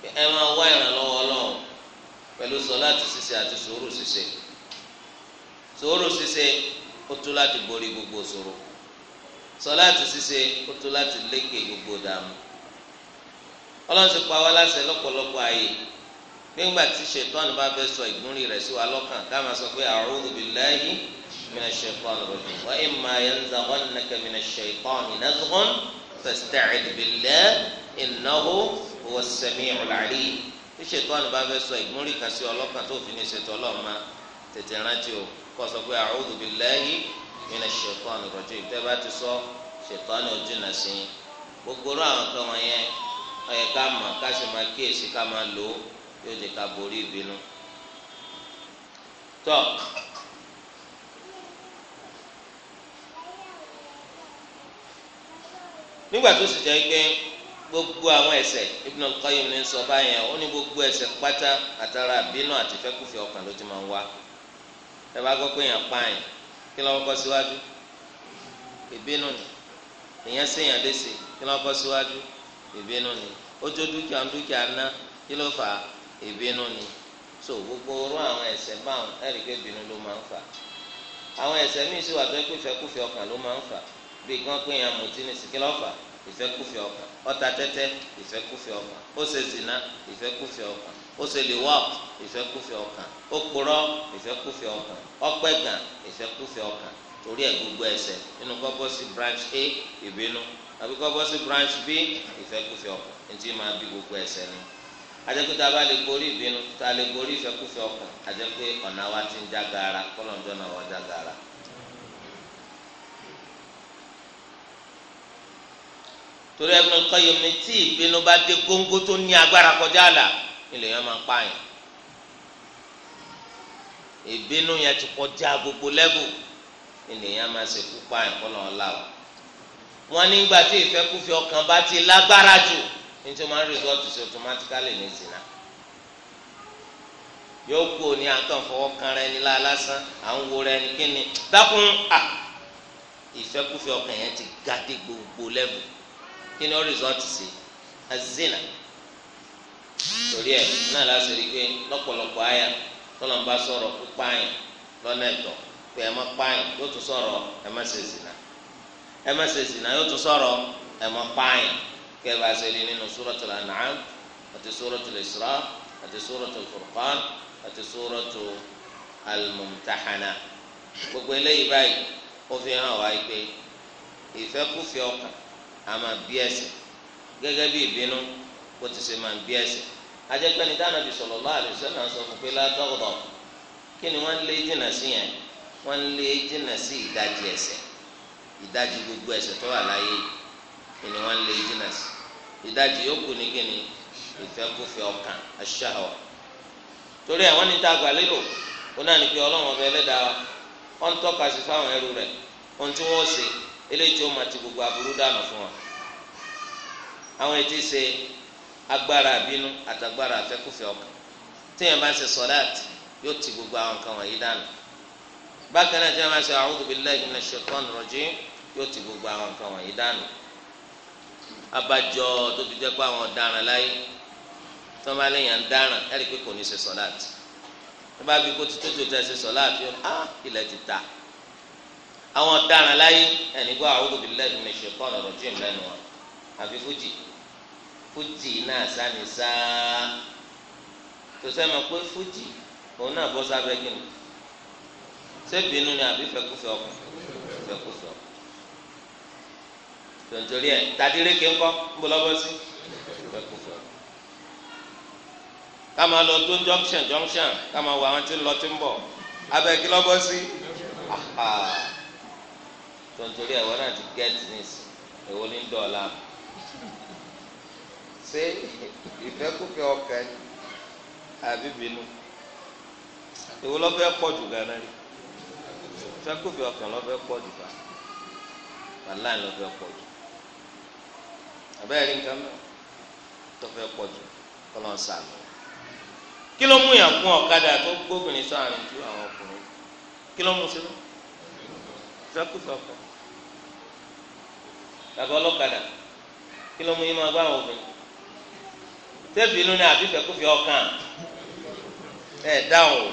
بأما وين الله الله pẹ̀lú sọláàtì ṣíṣe àti sùúrù ṣíṣe sùúrù ṣíṣe ó láti borí gbogbo ṣòro ó láti gbogbo ọlọ́run ti pa wá láṣẹ lọ́pọ̀lọpọ̀ ààyè nígbà tí ṣètọ́nù bá fẹ́ sọ ìgúnrí rẹ̀ sí wa lọ́kàn ká máa sọ pé a'udhu billahi minash shaitani rajim wa imma yanzaghannaka minash shaitani nazghun fasta'idh billahi innahu huwas sami'ul alim tí ṣètọ́nù bá fẹ́ sọ ìgúnrí kan sí ọlọ́kàn tó fi ní ṣètọ́ ọlọ́ọ̀ma tètè rántí o kó sọ pé a'udhu billahi minash shaitani rajim yóò jẹ ká borí ìbínú tọ. nígbà tó sì jẹ́ pé gbogbo àwọn ẹ̀ṣẹ̀ Ibn al-Qayyim ní sọ báyẹn ó gbogbo ẹ̀ṣẹ̀ pátá àtàrà bínú àti fẹ́kùfẹ́ ọkàn ló ti máa ń wá ẹ bá gbọ́ pé èèyàn pààyàn kí ló kọ́ síwájú ìbínú ni èèyàn kí kọ́ ìbínú ni so gbogbo orú àwọn ẹ̀ṣẹ̀ báwọn ẹ̀rí pé ìbínú ló máa ń fà àwọn ẹ̀ṣẹ̀ míì sì wà tó pé ìfẹ́kùfẹ́ ọkàn ló máa ń fà bí kan pé èèyàn mutí ní sìkìlọ́ fà ìfẹ́kùfẹ́ ọkàn ó ta tẹ́tẹ́ ọkàn ó ṣe zina ìfẹ́kùfẹ́ ọkàn ó ṣe liwaq ìfẹ́kùfẹ́ ọkàn ó purọ́ ìfẹ́kùfẹ́ ọkàn ó pẹ̀gàn ìfẹ́kùfẹ́ ọkàn torí ẹ̀ gbogbo ẹ̀ṣẹ̀ nínú kó bọ́ sí branch a ìbínú àbí kó bọ́ sí branch b ìfẹ́kùfẹ́ ọkàn ní ti máa bí gbogbo ẹ̀ṣẹ̀ ni àjẹpẹ́ tá a bá lè borí ìbínú tá a lè borí ìfẹ́kúfẹ́ ọkàn àjẹpẹ́ ọ̀nà wa ti ń já gaara kọ́lọ́njọ́ náà wọ́n já gaara. torí Ibn al-Qayyim ní tí ìbínú bá dé góńgó tó ní agbára kọjá àlà ilẹ̀ yẹn máa pààyàn ìbínú yẹn ti kọjá gbogbo lẹ́bù ilẹ̀ yẹn máa ṣekú pààyàn kọ́lọ́n ọ̀la o wọ́n nígbà tí ìfẹ́kúfẹ́ ọkàn bá ti lágbára jù. ní tí máa ń rìsọ́ọ̀tù sí automatically ní zina yóò kú òní àtàn fọwọ́ kan rẹ ní lásán à ń wo rẹ ní kíni dákun ti gbogbo lẹ́bù kí o ó si sí azina torí ẹ náà láti rí i pé lọ́pọ̀lọpọ̀ àyà bá sọ̀rọ̀ lọ́nà ẹ̀tọ́ pé ẹ má yóò zina ẹ má ṣe zina yóò tún kẹ́ẹ̀bà sẹ́ni nínú suratul an'am àti suratul isra àti suratul furqan àti suratul al-mumtahana gbogbo eléyìí báyìí ó fi hàn wá pé ìfẹ́kùfẹ́ ọkàn a máa bí ẹ̀ṣẹ̀ gẹ́gẹ́ bí ìbínú kó ti ṣe máa bí ẹ̀ṣẹ̀ ajẹ́pẹ́ni dáná bí sallallahu alaihi wasallam sọ fún pé la kí ni wọ́n lé jìnnà sí yẹn wọ́n lé jìnnà sí ìdajì ẹ̀ṣẹ̀ ìdajì gbogbo ẹ̀ṣẹ̀ tó wà láyé kí ni wọ́n lé jìnnà sí ìdajì yòókù ní kíni ìfẹ́kùfẹ́ ọkàn aṣáwọ̀ torí ẹ̀ wọ́n ní ta àgbà lérò ó náà ní pé ọlọ́run ọbẹ̀ ẹlẹ́dàá wa ó ń tọ́ka sí fáwọn ẹrú rẹ̀ ohun tí wọ́n ṣe eléyìí tí ó máa ti gbogbo aburú dànù fún wa àwọn ètí ṣe agbára àbínú àtàgbára àfẹ́kùfẹ́ ọkàn téèyàn bá ń ṣe sọ́láàtì yóò ti gbogbo àwọn nǹkan wọ̀nyí dànù bákan náà téèyàn bá ń ṣe a'udhu billahi minash shaitani rajim yóò ti gbogbo àwọn nǹkan wọ̀nyí abájọ tó fi jẹ́ pé àwọn ọ̀daràn láyé tó bá léèyàn dáràn ẹ̀rí pé kò ní ṣe sọ̀láàtì tó bá bí kó ti tó tó tẹ̀ ṣe sọ̀láàtì ó ní á ah, ilẹ̀ ti ta àwọn ọ̀daràn láyé ẹ̀ní gbọ́ a'udhu billahi minash shaitanir rajim lẹ́nu wọn àfi fújì fújì náà sáni sáá tó sẹ́ mọ̀ pé fújì òun náà bọ́ sábẹ́ kí ni ni àbí fẹ́kúfẹ́ ọkùnrin fẹ́kúfẹ́ tontori ẹ tadireke ńkọ́ ńbọlọbọ sí kama lọ tó junction junction kama wọ àwọn tí ń lọ tí ń bọ̀ abẹ kí lọbọ sí tontori ẹ wọn náà ti get this èwo ní dọ̀ọ̀la ṣé ìfẹ́kùfẹ́ ọkàn àbí bínú èwo lọ́fẹ́ pọ̀ jù gan-an rí ìfẹ́kùfẹ́ ọkàn lọ́fẹ́ pọ̀ jù gan abẹ́rẹ́ rí nǹkan mọ́ tọ́fẹ́ pọ̀ jù kọ́lọ́ ń sàmì. kí ló mú yàn kún ọ̀kadà tó gbóbìnrin sáàrin ju àwọn ọkùnrin kí ló mú sílẹ̀ fẹ́kùfẹ́ ọkọ̀ tàbí ọlọ́kadà kí ló mú yín máa gbá àwọn obìnrin tẹ́bí inú ni àbí fẹ́kùfẹ́ ọkàn ẹ̀ dáhùn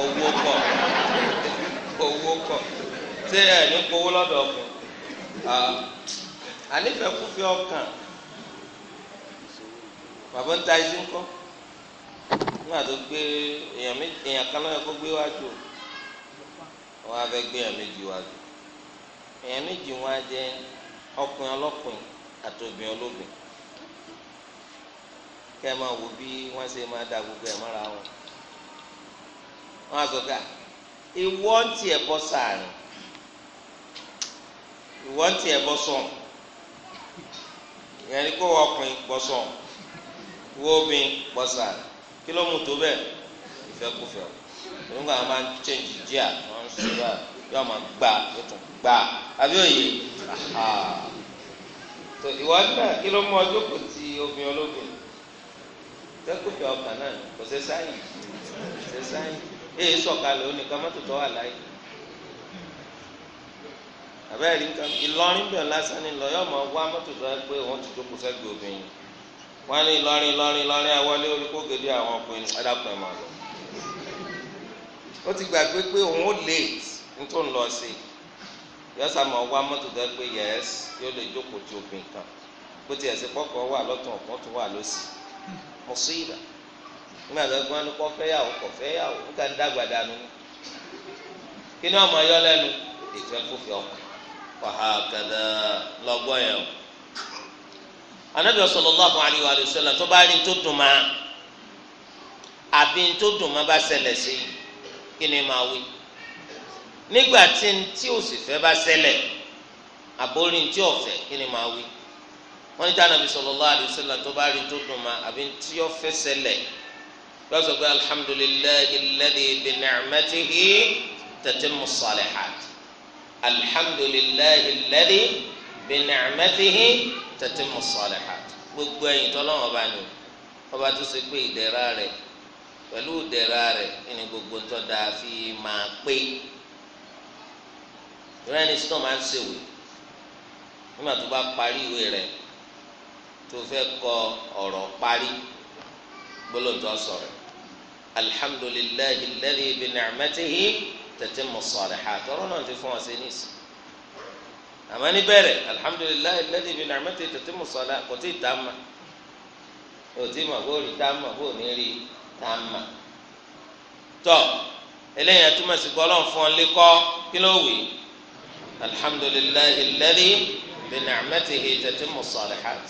owó kọ̀ owó kọ̀ ṣé ẹ̀ ní gbowó lọ́dọ̀ ọkùnrin. Ah ànífẹ̀kúfẹ̀ ọkàn bàbá ń ta ẹsẹ̀ ńkọ́ nígbà tó gbé èèyàn méjì èèyàn kan lọ́yọ̀ kó gbé wájú wọn á fẹ́ gbé èèyàn méjì wájú èèyàn méjì wọn á jẹ ọkùnrin ọlọ́kùnrin àti obìnrin olóbìn kẹ́ ẹ máa wo bí wọ́n ṣe máa da gbogbo ẹ̀ mọ́ra wọn wọn á sọ ká ìwọ́n tiẹ̀ bọ́ sàárín ìwọ́n tiẹ̀ bọ́ sọ̀rọ̀ ìyẹn ni kó ọkùnrin gbọ́sọ̀ wo obìnrin gbọ́sà kí ló mú tó bẹ́ẹ̀ ìfẹ́kùfẹ́ nígbà wọn máa ń chẹ́ǹjì díà wọn ń sọ yà yóò máa gbà yóò tún gbà àbí òye tó ìwà náà kí ló mú ọjọ́ kò ti obìnrin olóbìnrin ìfẹ́kùfẹ́ ọkàn náà kò ṣe sáyìn kò ṣe sáyìn èyí sọ̀kalẹ̀ ó tó wà láyé. Abe rí nǹkan ìlọrin bẹ̀rẹ̀ lásán ni lọ ọmọ mọ́tò tó pé wọ́n ti jókòó sẹ́gbẹ̀ẹ́ obìnrin wọ́n ní ìlọrin ìlọrin ìlọrin àwọlé àwọn ọkùnrin ẹ̀dàpọ̀ lọ. ó ti gbàgbé pé òun ó ń lọ sí i yọ mọ́tò tó pé yẹ́s yóò lè jókòó ti obìnrin kan bó ti ẹ̀sìn wà lọ́tún ọ̀pọ̀ tó wà lọ́sì mo sí ìlà nígbà tó kí ni ọmọ wàhákàdà lọ́gbọ́ yẹn o anabi sallallahu alayhi wa sallam tó bá rí tó dùn ma àbí tó dùn ma bá ṣẹlẹ̀ sí i kí ni máa wí nígbà tí n tí ò sì fẹ́ bá ṣẹlẹ̀ àbórí n tí ò fẹ́ kí ni máa wí wọ́n ní tí anabi sallallahu alayhi wa sallam bá rí tó dùn ma àbí tí ò fẹ́ ṣẹlẹ̀ lọ́sọ̀ pé alhamdulillahi alladhi bi ni'matihi tatimmu salihat. الحمد لله الذي بنعمته تتم الصالحات. gbogbo ẹ̀yin tọ́lọ́wọ́n bá ní ọba tó ṣe pé ìdẹ̀ra rẹ̀ pẹ̀lú ìdẹ̀ra rẹ̀ ẹni gbogbo tó dáa fi máa pé ìrẹ́ni tí náà máa ń ṣèwé nígbà tó bá parí ìwé rẹ̀ tó fẹ́ kọ ọ̀rọ̀ parí gbólóńtọ́ sọ̀rọ̀ alhamdulillahi alladhi bi ni'matihi tatimmu salihat ọ̀rọ̀ náà ti fún wọn ṣe ní ìsìn àmọ́ níbẹ̀rẹ̀ alhamdulilayi alladhi bi ni'matihi tatimmu salihat kò tí ì tá a ma kò tí ì ma kó rí tá a ma kó ní rí tá a ma tọ́ eléyìí àtúmọ̀ sí gbọ́lọ́ fún ọ lékọ́ kí ló wì alhamdulilayi alladhi bi ni'matihi tatimmu salihat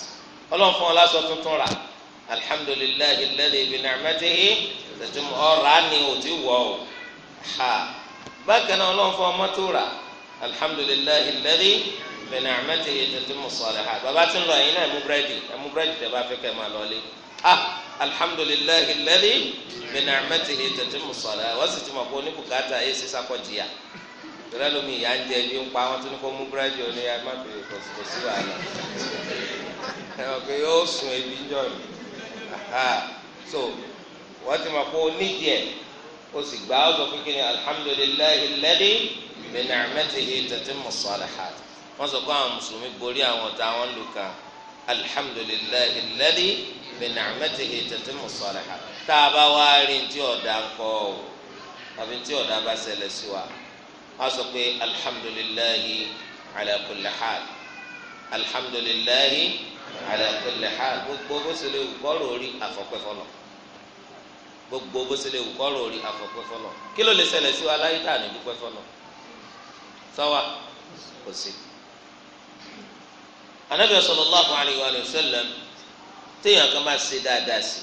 ọlọ́run fún ọ lásọ tuntun rà alhamdulilayi alladhi bi ni'matihi tatimmu ọ̀rá ni ò ti wọ̀ ọ́ ha bákan náà ọlọ́run fún ọmọ tó rà alhamdulilayi alladhi bi ni'matihi tatimmu salihat bàbá tí ń lọ ẹ̀yin náà ẹ̀mú búrẹ́dì ẹ̀mú búrẹ́dì tẹ̀ bá fẹ́ kẹ́ máa lọ lé ah alhamdulilayi alladhi bi ni'matihi tatimmu salihat wọ́n sì ti mọ̀ pé oníbùkátà yé sísá kọ́ jìyà tọ́lá lómi ìyá ń jẹ ibi ń pa wọn tó ní kó mú búrẹ́dì òní ẹ má ó sì gbà ó sọ pé kí ni alhamdulillahi alladhi bi ni'matihi tatimmu ssalihat wọ́n sọ pé àwọn mùsùlùmí borí àwọn ọ̀tá wọn lù kan alhamdulillahi alladhi bi ni'matihi tatimmu ssalihat tá a bá wá rí tí ọ̀dà ń kọ́ ọ àbí tí ọ̀dà bá ṣẹlẹ̀ sí wa wọ́n sọ pé alhamdulillahi ala kulli hal gbogbo bó ṣe lè kọ́ lórí àfọ̀pẹ́fọ́lọ́ gbogbo bó ṣe lè wù kọ́ lórí àfọ̀pẹ́ fọlọ́ kí ló lè ṣẹlẹ̀ sí wa láyé tá à ní dúpẹ́ fọlọ́ sọ́wọ́ kò sí. anabi sallallahu alayhi wa sallam téèyàn kan máa ṣe dáadáa sí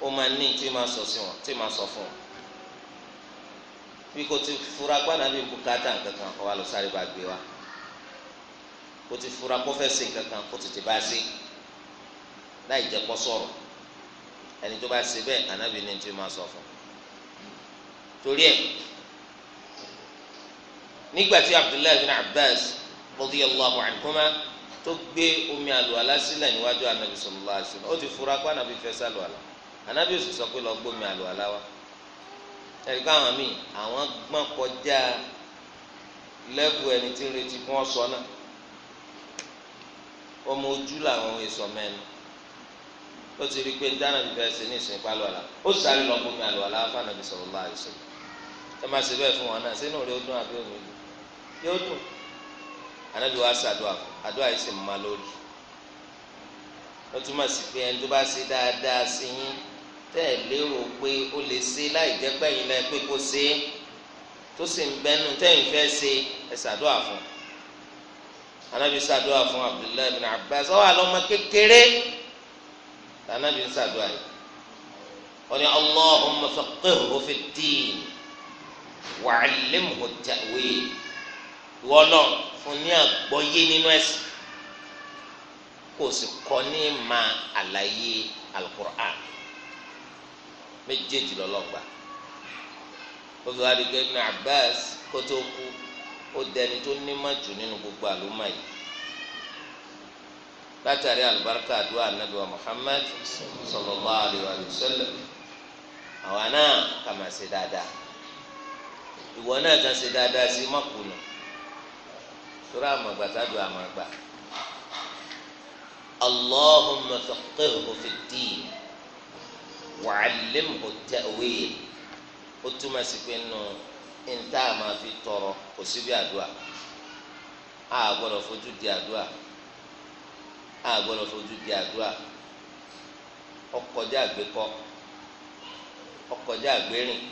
ó máa ní tí máa sọ sí wọn tí máa sọ fún wọn bí kò ti fura pa nàbí bùkátà kankan kó wa lọ sáré bá gbé wa kò ti fura kó fẹ́ ṣe kankan kó tètè bá ṣe láì jẹ́ kó sọ̀rọ̀ ẹni tó bá ṣe bẹ́ẹ̀ ànábì ni tí ó máa sọ fún torí ẹ̀ nígbà tí abdullahi bin abbas radiyallahu anhuma tó gbé omi àlùwàlá sílẹ̀ níwájú ànábì sallallahu alaihi wasallam ó ti fura pé ànábì fẹ́ sálùwàlá ànábì ó sì sọ pé lọ gbómi àlùwàlá wa ẹ̀rí káwọn míì àwọn gbọ́n kọjá lẹ́bù ẹni tí ń retí kí wọ́n náà ọmọ ojú làwọn èso mẹ́nu ó ti rí i pé dáná bíbẹ ṣe ní ìsìn ìpá lọ́la ó sáré lọ gbómi àlọ́la fànàbí sọ̀rọ̀ láàyè sọ ẹ máa ṣe bẹ́ẹ̀ fún wọn náà sínú rẹ ó dún àbí òní dùn yóò dùn ànábì wa ṣàdúrà fún àdúrà yìí sì máa lórí ó túmọ̀ sí pé ẹni tó bá ṣe dáadáa sí yín tẹ́ ẹ̀ lérò pé ó lè ṣe láì jẹ́ pẹ́yìn náà pé kó ṣe é tó sì ń bẹnu tẹ́yìn fẹ́ ṣe ẹ̀ ṣàdúrà fún ànábì ṣàdúrà fún Abdullahi bin Abbas ọ wà lọ́mọ kékeré tànàbí ń ṣàdúrà yìí wọ́n ní Allahumma faqqihhu fid-din wa'allimhu at-ta'wil ìwọ náà fún ní àgbọ́yé nínú ẹ̀sìn kò sì kọ́ ní ma àlàyé al-Qur'an méjèèjì lọ́lọ́gba olùwà àdìgbò Ibn Abbas kótó kú ó dẹni tó ní má jù nínú gbogbo àlùmọ́ látàrí àlùbáríkà àdúrà nàbí wa Muhammad sallallahu alayhi wa sallam àwa náà kà máa ṣe dáadáa ìwọ náà kà ṣe dáadáa sí mọ́kùnà sórí àmàgbà tàbí àmàgbà Allahumma faqqihhu fid-din wa 'allimhu at-ta'wil túmọ̀ sí pé nù ń fi tọrọ kò síbi àdúrà a gbọ́dọ̀ fojú di àdúrà a gbọ́dọ̀ fojú di àdúrà ọkọjá àgbékọ ọkọjá àgbérìn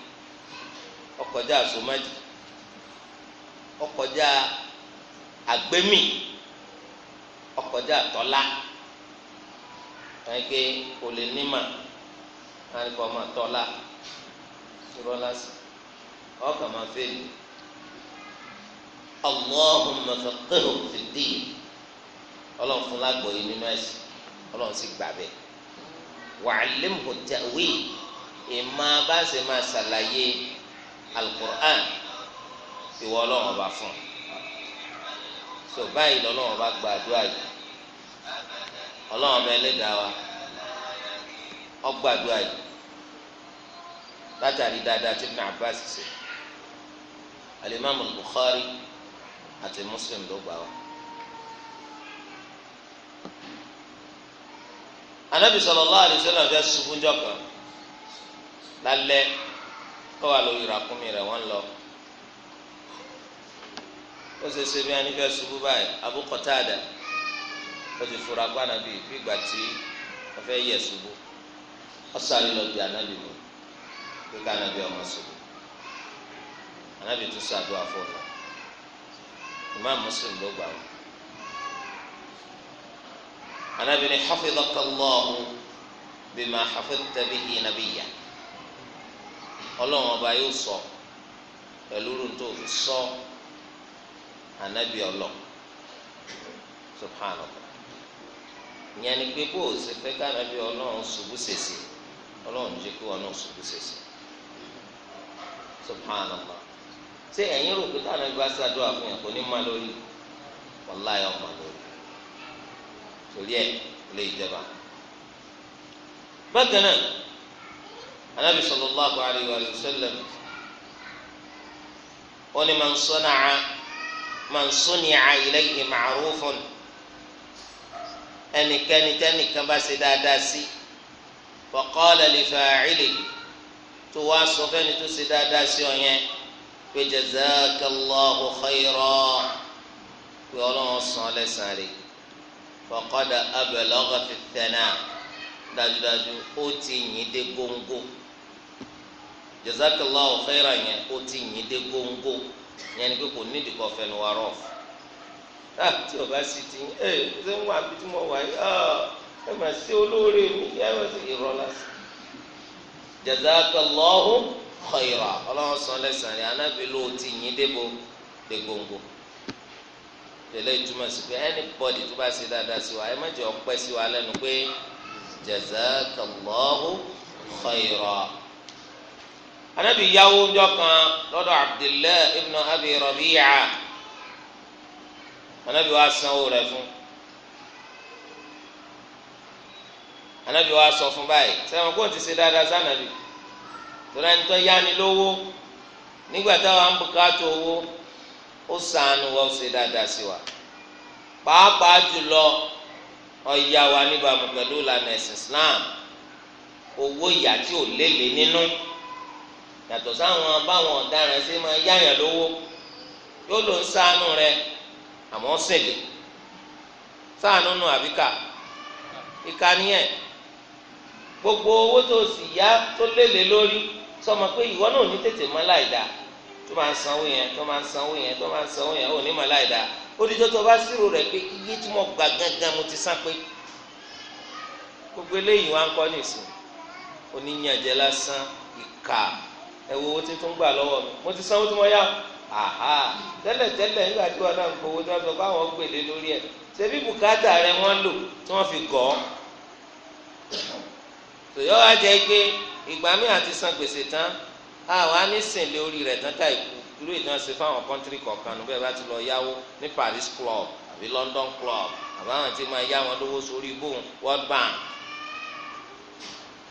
ọkọjá àsomájì ọkọjá àgbémì ọkọjá àtọlá ẹgbẹ olè nímà alùpùpù ọmọ àtọlá ìrọlásì ọkà máa fẹlẹ Allahumma faqihhu fid-din ọlọ́run fún lágbóyè nínú ẹ̀sìn ọlọ́run sì gbà bẹ́ẹ̀ wa'allimhu ta'wil ìmọ̀ bá ṣe máa ṣàlàyé alukur'an ìwọ ọlọ́run ọba fún so báyìí lọ́lọ́run ọba gba àdúrà yìí ọlọ́run ọba ẹlẹ́dàá wa ó gba yìí látàrí dáadáa tí Ibn Abbas ṣe alimami Bukhari àti Muslim ló gbà wá. anabi sallallahu alaihi wasallam fẹ́ ṣubú ńjọ́ kan lálẹ́ ó wà lórí ràkúnmí rẹ̀ wọ́n lọ ó ṣe ṣe bí wọ́n fẹ́ ṣubú báyìí Abu Qatada ó ti fura pa anabi bí ìgbà tí wọ́n fẹ́ yẹ̀ ṣubú ó sáré lọ bí anabi mú pé anabi ọmọ ṣubú anabi tún ṣàdúrà fún un Imam Muslim ló gbà wọn anábìíní hafizakallahu bima hafizta bihi nabiyya ọlọ́run ọba yóò sọ pẹ̀lú rúun tó fi sọ anábìí ọlọ́ subhanallah ìyẹn ni pé bó o ṣe fẹ́ kánábìí ọlọ́run ṣubú ṣèṣe ọlọ́run jẹ́ kó ọlọ́run ṣubú ṣèṣe subhanallah ṣé ẹ̀yin rò pé kánábìí bá ṣàdúrà fún yàn kò lórí wàláyà ọmọ torí ẹ̀ lè jẹba. bákan náà anábì sallallahu alayhi wa sallam ó ní man sana'a man suni'a ilayhi ma'rufun ẹnikẹ́ni tẹ́nìkan bá ṣe dáadáa sí fa qala li fa'ilihi tó wá sọ fẹ́ni tó ṣe dáadáa sí ọ yẹn pé jazakallahu khayran pé ọlọ́run san lẹ́sàn-án rẹ̀. fọkọdà abẹlọgọ fìfẹnà dájúdájú ó ti yìn dé góńgó jazakallahu khairan yẹn ó ti yìn dé góńgó yẹn ni pé kò nídìí kọ fẹnu wa rọ fún tí o bá sì ti ẹ ṣé ń wá bí tí mo wà yìí ẹ mà sí olóore mi ẹ mà sí ìrọlá sí jazakallahu khairan ọlọ́run sọ lẹ́sàn-án yẹn anábìlú ó ti yìn dé góńgó tẹ̀lé ìtumọ̀ sí pé anybody tó bá ṣe dáadáa sí wa ẹ má jẹ́ ọpẹ́ sí wa lẹ́nu pé jazakallahu khayra. anabi yáwó ńjọ kan lọ́dọ̀ abdullahi ibn abi rabi'a anabi wa sanwó rẹ̀ fún anabi wa sọ fún báyìí sẹ́wọ̀n kó ti ṣe dáadáa sànàbì tó dáa ní yá ni lówó nígbà táwa ń bùkátà owó ó ṣàánú wa ó ṣe dáadáa sí wa pàápàá jùlọ ọ̀yà wa níbàámu pẹ̀lú ìlànà ẹ̀sìn Islam owó ìyá tí ò lélè nínú yàtọ̀ sáwọn báwọn ọ̀daràn ṣe máa yáyàn lówó yóò ló ń ṣàánú rẹ àmọ́ sèlè ṣàánú nù àbíkà ìka nìyẹn gbogbo owó tó sì yá tó lélè lórí sọmọ pé ìwọ náà ní tètè mọ́ láì dáa tó máa ń sanwó yẹn tó máa ń sanwó yẹn tó máa ń sanwó yẹn ò ní mọ̀ láì dáa ó di tó bá sírò rẹ̀ pé iye tí mo gbà gángan mo ti sá pé gbogbo eléyìí wá ń kọ́ nìsín oníyànjẹ lásán ìka ẹ wo owó tí tó ń gbà lọ́wọ́ mi mo ti sanwó tí mo yá àhá tẹ́lẹ̀tẹ́lẹ̀ nígbà tí wọn náà ń gbowó tí wọn sọ fáwọn gbèlè lórí ẹ̀ ṣebí bùkátà rẹ wọ́n lò tí wọ́n fi gọ́ tòyọ́ wá jẹ́ pé ìgbà mi àti san gbèsè tán àwa nísìnyí orí rẹ̀ tán táì kú irú ìtàn ṣe fáwọn kọ́ńtírì kọ̀ọ̀kan níbẹ̀ bá ti lọ yáwó ní Paris club àbí London club àbáwọn tí máa yá wọn lówó sórí bóun World Bank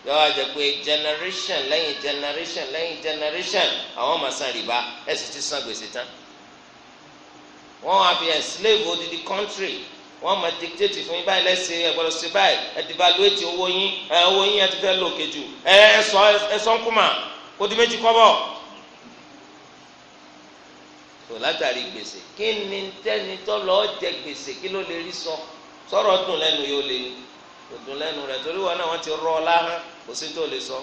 yọ̀wá jẹ́ pé generation lẹ́yìn generation lẹ́yìn generation àwọn máa san rìbá ẹ̀ sì ti san gbèsè tán wọ́n wá fi enslave odidi country wọ́n máa dictate fún yín báyìí lẹ́sẹ̀ ẹ gbọ́dọ̀ ṣe báyìí ẹ devaluate owó yín owó yín ẹ ti fẹ́ lò kejì ẹ sọ ẹ sọ ń kú mà ó di méjì kọ́bọ̀ tó látàrí gbèsè kí ni tẹ́ni tó lọ́ọ́ jẹ gbèsè kí ló lè rí sọ sọ̀rọ̀ dùn lẹ́nu yóò lè ní kò dùn lẹ́nu rẹ̀ torí wọn náà wọ́n ti rọ́ ọ láhán kò sí tó lè sọ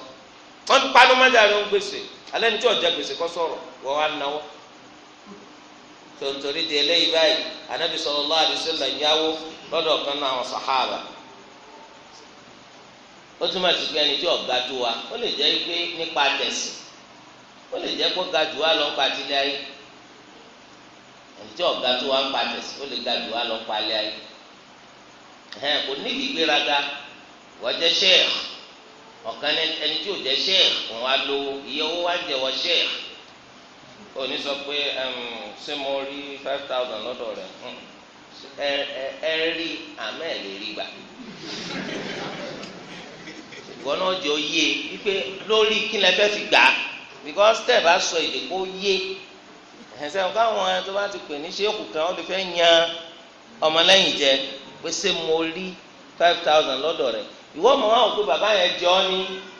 wọ́n ti panu mọ́jà ń gbèsè alẹ́ ní tí ọ̀jẹ̀ gbèsè kọ́ sọ̀rọ̀ wọ́n wá náwó di eléyìí báyìí anabi sallallahu alaihi wasallam yáwó lọ́dọ̀ kan náà ó túmọ̀ sí pé ẹni tí ọ̀gá tó wa ó lè jẹ́ pé nípa tẹ̀sìn ó lè jẹ́ pé ọ̀gá tó wa lọ́n pa tilẹ̀ ayé ẹni tí ọ̀gá tó wa ń pa tẹ̀sìn ó lè ga tó wa lọ́n pa alẹ́ ayé ẹ̀hẹ́n kò ní ìgbéraga wọ́n jẹ́ sheikh ọ̀kan ẹni tí ò jẹ́ sheikh òun á lówó iye owó wa jẹ́ wọ́n sheikh òní sọ pé ṣé mo rí five thousand lọ́dọ̀ rẹ̀ ẹ ẹ rí àmẹ́ ẹ̀ lè rí gbà wọn náà jọ yé e wípé lórí kí lẹ fẹ́ fi gbà á because tẹ̀ bá sọ èdè kó yé ẹ̀sẹ̀ wọn káwọn ẹni tó bá ti pè ní sẹ́kù kan wọ́n lè fẹ́ yan ọmọlẹ́yìn jẹ pé ṣé mo rí five thousand lọ́dọ̀ rẹ̀ ìwọ ọmọ wọn kó bàbá yẹn jọ ọ ní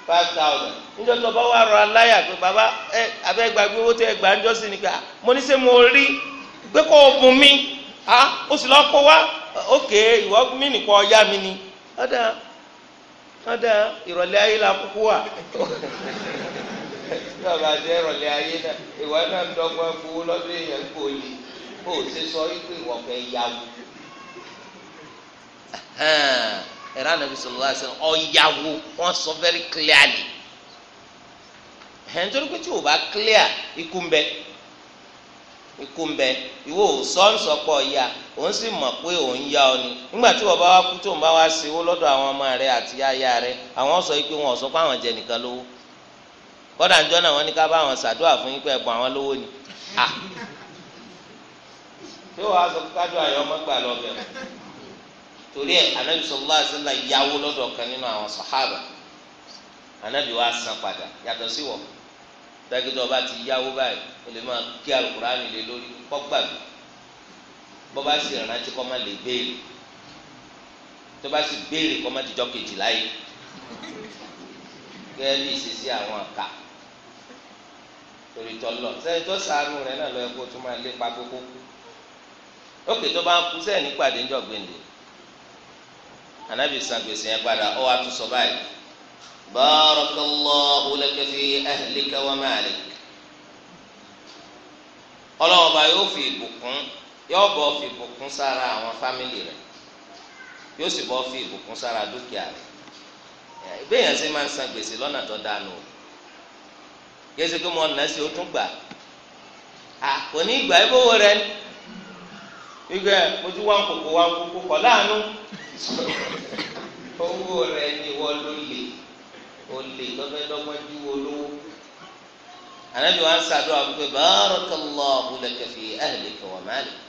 five thousand níjọ́ tó bá wà rọ aláyà pé bàbá ẹ abẹ́ gbàgbé owó tẹ gbà ń jọ́ sí ni pé ah, mo ní ṣé mo rí pé kó o bùn mí ó ah, sì lọ́ọ́ kó wá ókè ìwọ mí nìkan ọ̀yá mi ni ọ̀dà wọ́n dá ìrọ̀lẹ́ ayé la kúkú wà ní ọba àti ìrọ̀lẹ́ ayé náà ìwà náà ń dọ́gba fowó lọ́dún èèyàn kò lè kó o ti sọ wípé ìwọ fẹ́ yáwó ẹ̀rọ anabi sọlá ṣe ọ̀yàwó wọ́n sọ very clearly ẹ̀ ń torí pé tí o bá clear ikú ń bẹ́ẹ̀. ikumbe ń bẹ ìwọ sọ ya òun sì mọ̀ pé òun ya ọ ni nígbà tí wọ́n bá wá kú tó ń bá wá ya lọ́dọ̀ àwọn ọmọ rẹ àti aya rẹ àwọn sọ pé wọn sọ pé àwọn jẹ nìkan lówó kódà ń jọ́nà wọn ni tí wọn á sọ pé kájọ àyọ̀ ọmọ gbà lọ tẹ́gídọ́ ọba ti yáwó báyìí o lè máa kí alukurani lé lórí kọ́ gbàgbé bọ́ba sì rántí kọ́ má lè béèrè tó bá sì béèrè kọ́ má dijọ́ kejì láyé gẹ́gẹ́ bí ìṣesí àwọn àká torí tọ́lọ̀ sẹ́yìn tó sànù rẹ̀ náà lọ́yẹ kó tó máa lépa kókó kú ókè tó bá ń kú sẹ́yìn nípàdé ńjọ́ gbèǹde ànábì gbèsè yẹn padà ó wàá tún sọ báyìí. بارك الله لك في أهلك ومالك ọlọ́wọ́ fi ìbùkún yóò bọ́ fi ìbùkún fi ìbùkún sara dúkìá rẹ̀ ìbéèyàn sì máa ń san gbèsè lọ́nà tó dànù o yéésì pé mo nà sí o tún gbà mo wá wá kọ láàánú owó rẹ olè lọ́fẹ́ dọ́gbọ́n ju olówó anabi wa sàdúrà wípé barakallahu laka fi ahlika wa malika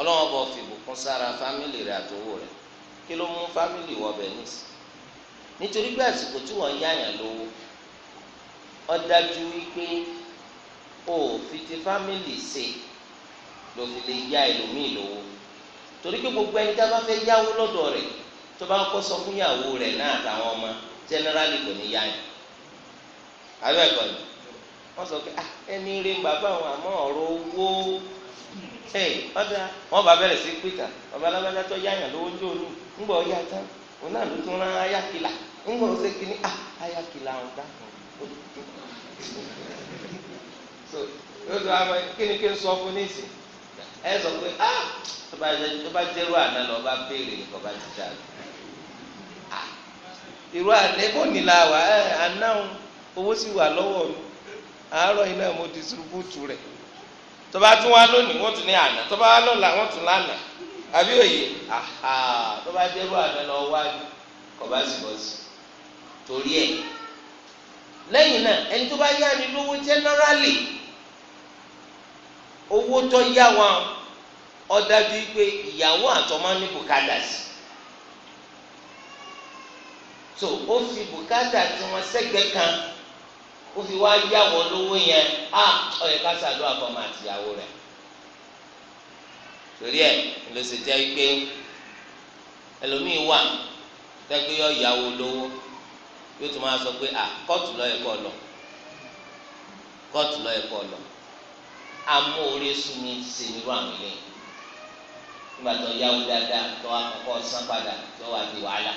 ọlọ́wọ́n bọ̀ fìbò kún sára fámìlì rẹ̀ àtòwò rẹ̀ kí ló mú fámìlì wọ bẹ̀ nísì nítorí pé àsìkò tí wọ́n yáyàn lówó wípé o fi ti fámìlì ṣe ló fi lè yá ẹlòmíì gbogbo ẹni a bá fẹ́ yáwó lọ́dọ̀ rẹ̀ tó bá ń kọ́ generally kò ní yá yẹn abẹ́ ẹ̀kọ́ ni wọ́n sọ pé ah, ẹni rí bàbá àwọn àmọ́ ọ̀rọ̀ owó ọ̀dà wọ́n bá bẹ̀rẹ̀ sí pítà bàbá alábẹ́lẹ́ tó yá lówó ń jó ní ńgbọ̀ tán òun náà ló tún rán ayákìlá ah, ayákìlá dá àwọn sọ fún ẹ sọ pé ah, tó bá jẹ́rú àná bá béèrè nǹkan bá ti irú àlébò nílà wà ẹ anáhùn owó sì wà lọ́wọ́ mi àárọ̀ iná mo distributu rẹ̀ tọba tún wá lónìí wọ́n tún ní àná tọba wá lọ́la wọ́n tún lánà àbí òye àhà tọba jẹ́ irú àná lọ wá ní kọ̀bá sì bọ́ sí torí ẹ̀ lẹ́yìn náà ẹni tó bá yá ni lówó jẹ́nẹ́rálì owó tó yá wọn ó dájú pé ìyàwó àtọmọ́ ní bùkádà sí so o fi bùkátà tí wọ́n sẹ́gbẹ́ kan o fi wá yàwọ̀ lówó yẹn a ó yẹ ká ṣàdúrà fọmọ àtìyàwó rẹ̀ torí ẹ̀ ló sì jẹ́ pé ẹlòmíín wà tẹ́gbẹ́ yọ yàwó lówó yóò tún máa sọ pé à kóòtù lọ́ọ́ ẹ̀kọ́ lọ kóòtù lọ́ọ́ ẹ̀kọ́ lọ amú orí sunmi sí nírú àwọn ilé nígbà tó yàwó dáadáa tó akọ́kọ́ san padà tó wà di wàhálà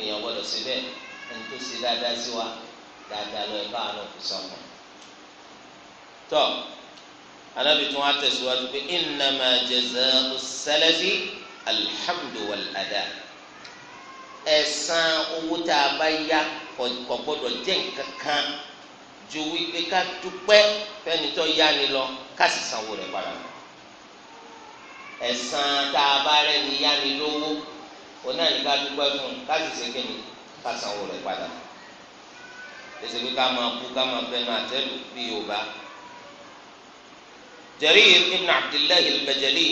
èèyàn gbọ́dọ̀ ṣe bẹ́ẹ̀ ẹni tó ṣe dáadáa sí wa dáadáa lọ ẹ̀ka àánú fi sọ̀kan. tọ́ anábì tún wá tẹ̀síwájú pé innama jaza'u salafi alhamdu wal ada ẹ̀san owó tá a bá yá kò gbọ́dọ̀ jẹ́ nǹkan kan ju wípé ká dúpẹ́ fẹ́ni yá ni lọ ká sì sanwó rẹ̀ padà ẹ̀san tá a bá rẹ̀ ni yá ni lówó òun náà ní ká dúpẹ́ fún un ká sì ṣe kí ni ká sanwó rẹ̀ padà èsì pé ká máa bú ká máa bẹnu àtẹ́lù bí yorùbá. Jarir ibn Abdullahi al-Bajali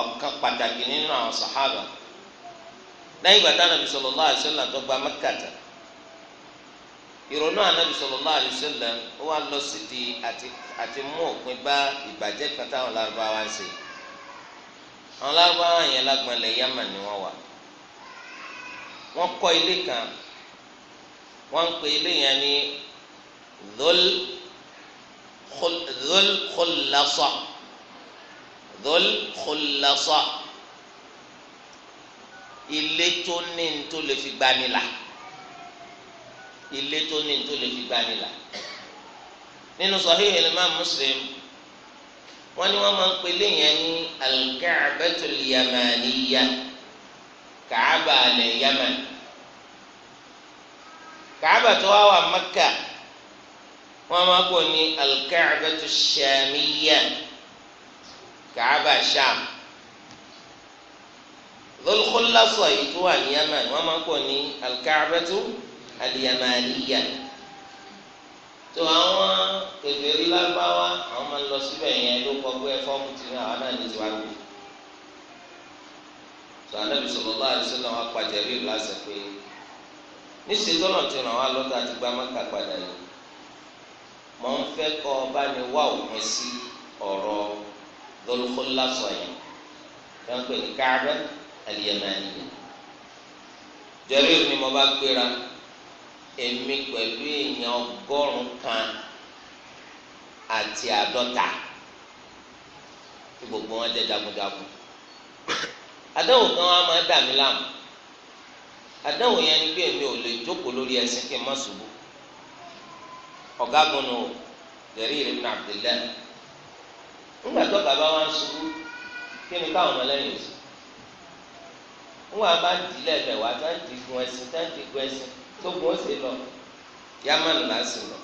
ọ̀kan pàtàkì nínú àwọn sàhábà lẹ́yìn ìgbà táwọn Ànábì sallallahu alaihi wasallam tó gba mẹ́kàtà ìrònú Ànábì sallallahu alaihi wasallam ó wá lọ sídìí àti mú òpin bá ìbàjẹ́ kan táwọn Lárúbáwá ń ṣe àwọn lágbára yẹn lágbọnlẹ̀ Yemen ni wọ́n wà wọ́n kọ́ ilé kan wọ́n ń pè ilé yẹn ní Dhul Dhul Khulasa Dhul Khulasa ilé tó ní tó lè fi gbani là ilé tó ní tó lè fi gbani là nínú Sahih al-Imam Muslim wọ́n ní wọ́n máa ń pè léyìn ní alkaabatul yamaniya kaaba alẹ yaman kaaba tó wá wà maka wọ́n máa kó ní alkaabatul kaaba sham lolukulaso yìí tó wà ní yaman wọ́n máa kó ní alkaabatul alyamaniya. Al tó àwọn kèfèrí lágbáwá àwọn máa ń lọ síbẹ̀ yẹn ló kọ pé fọ́ọ̀mù ti ní àwọn náà ní tiwa gbé tó anábì sallallahu alaihi wasallam wọn apàjẹ́ rí lásì pé níṣẹ́ tọ́nà ti ràn wá lọ́tà àti gbá mọ́ta padà yìí mọ̀ ń fẹ́ kọ́ ọba ni wá òpin sí ọ̀rọ̀ lọ́lùkọ́lá sọ̀yìn wọ́n pè ní káàbẹ́ àlìyẹ̀mẹ̀ àníyàn jẹ́rìí ni mo bá gbéra. èmi pẹ̀lú èèyàn ọgọ́rùn kan àti àdọ́ta tí gbogbo wọn jẹ́ jagunjagun àdéhùn kan wá máa dà mí láàmú àdéhùn yẹn ni pé èmi ò lórí kí n má ṣubú ọ̀gágun o Jarir tó bàbá wa ń ṣubú kí ni káwọn ọmọlẹ́yìn sùn bá lẹ́ẹ̀mẹ̀wá tá ń gun tá ń gun tógun ó lọ yamani là lọ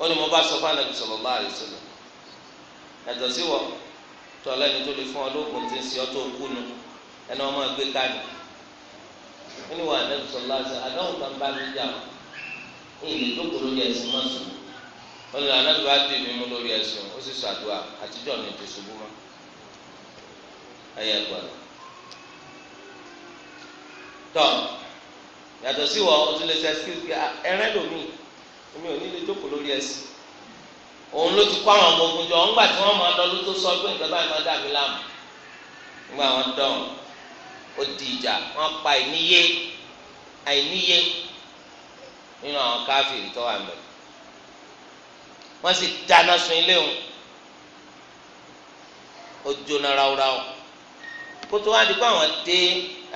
wọn ni mo bá sọ fún anabi sọlọ bá àlè sọlọ yàtọ̀ sí wọ tó ọlọ́ni tó lè fún ọ lóògùn tí ń sọ tó kú nu ẹni wọn máa gbé káàdì wọn ni anabi sọlọ adáhùn kan bá mi jà yàtọ̀ sí wọ o tún lè ṣe excuse pé ẹrẹ́ lomi omi ò ní lè jókòó lórí ẹsẹ̀ òun ló ti kó àwọn ọmọ ogun jọ òun gbà tí wọ́n máa lọ ló tó sọ pé nǹkan báyìí máa dà mí láàmú nígbà wọn dán ó di ìjà wọn pa àìníye àìníye nínú àwọn káfíìrì tó wà mẹ wọn sì dáná sun ilé wọn ó jóná ráúráú kótó wá di pé àwọn dé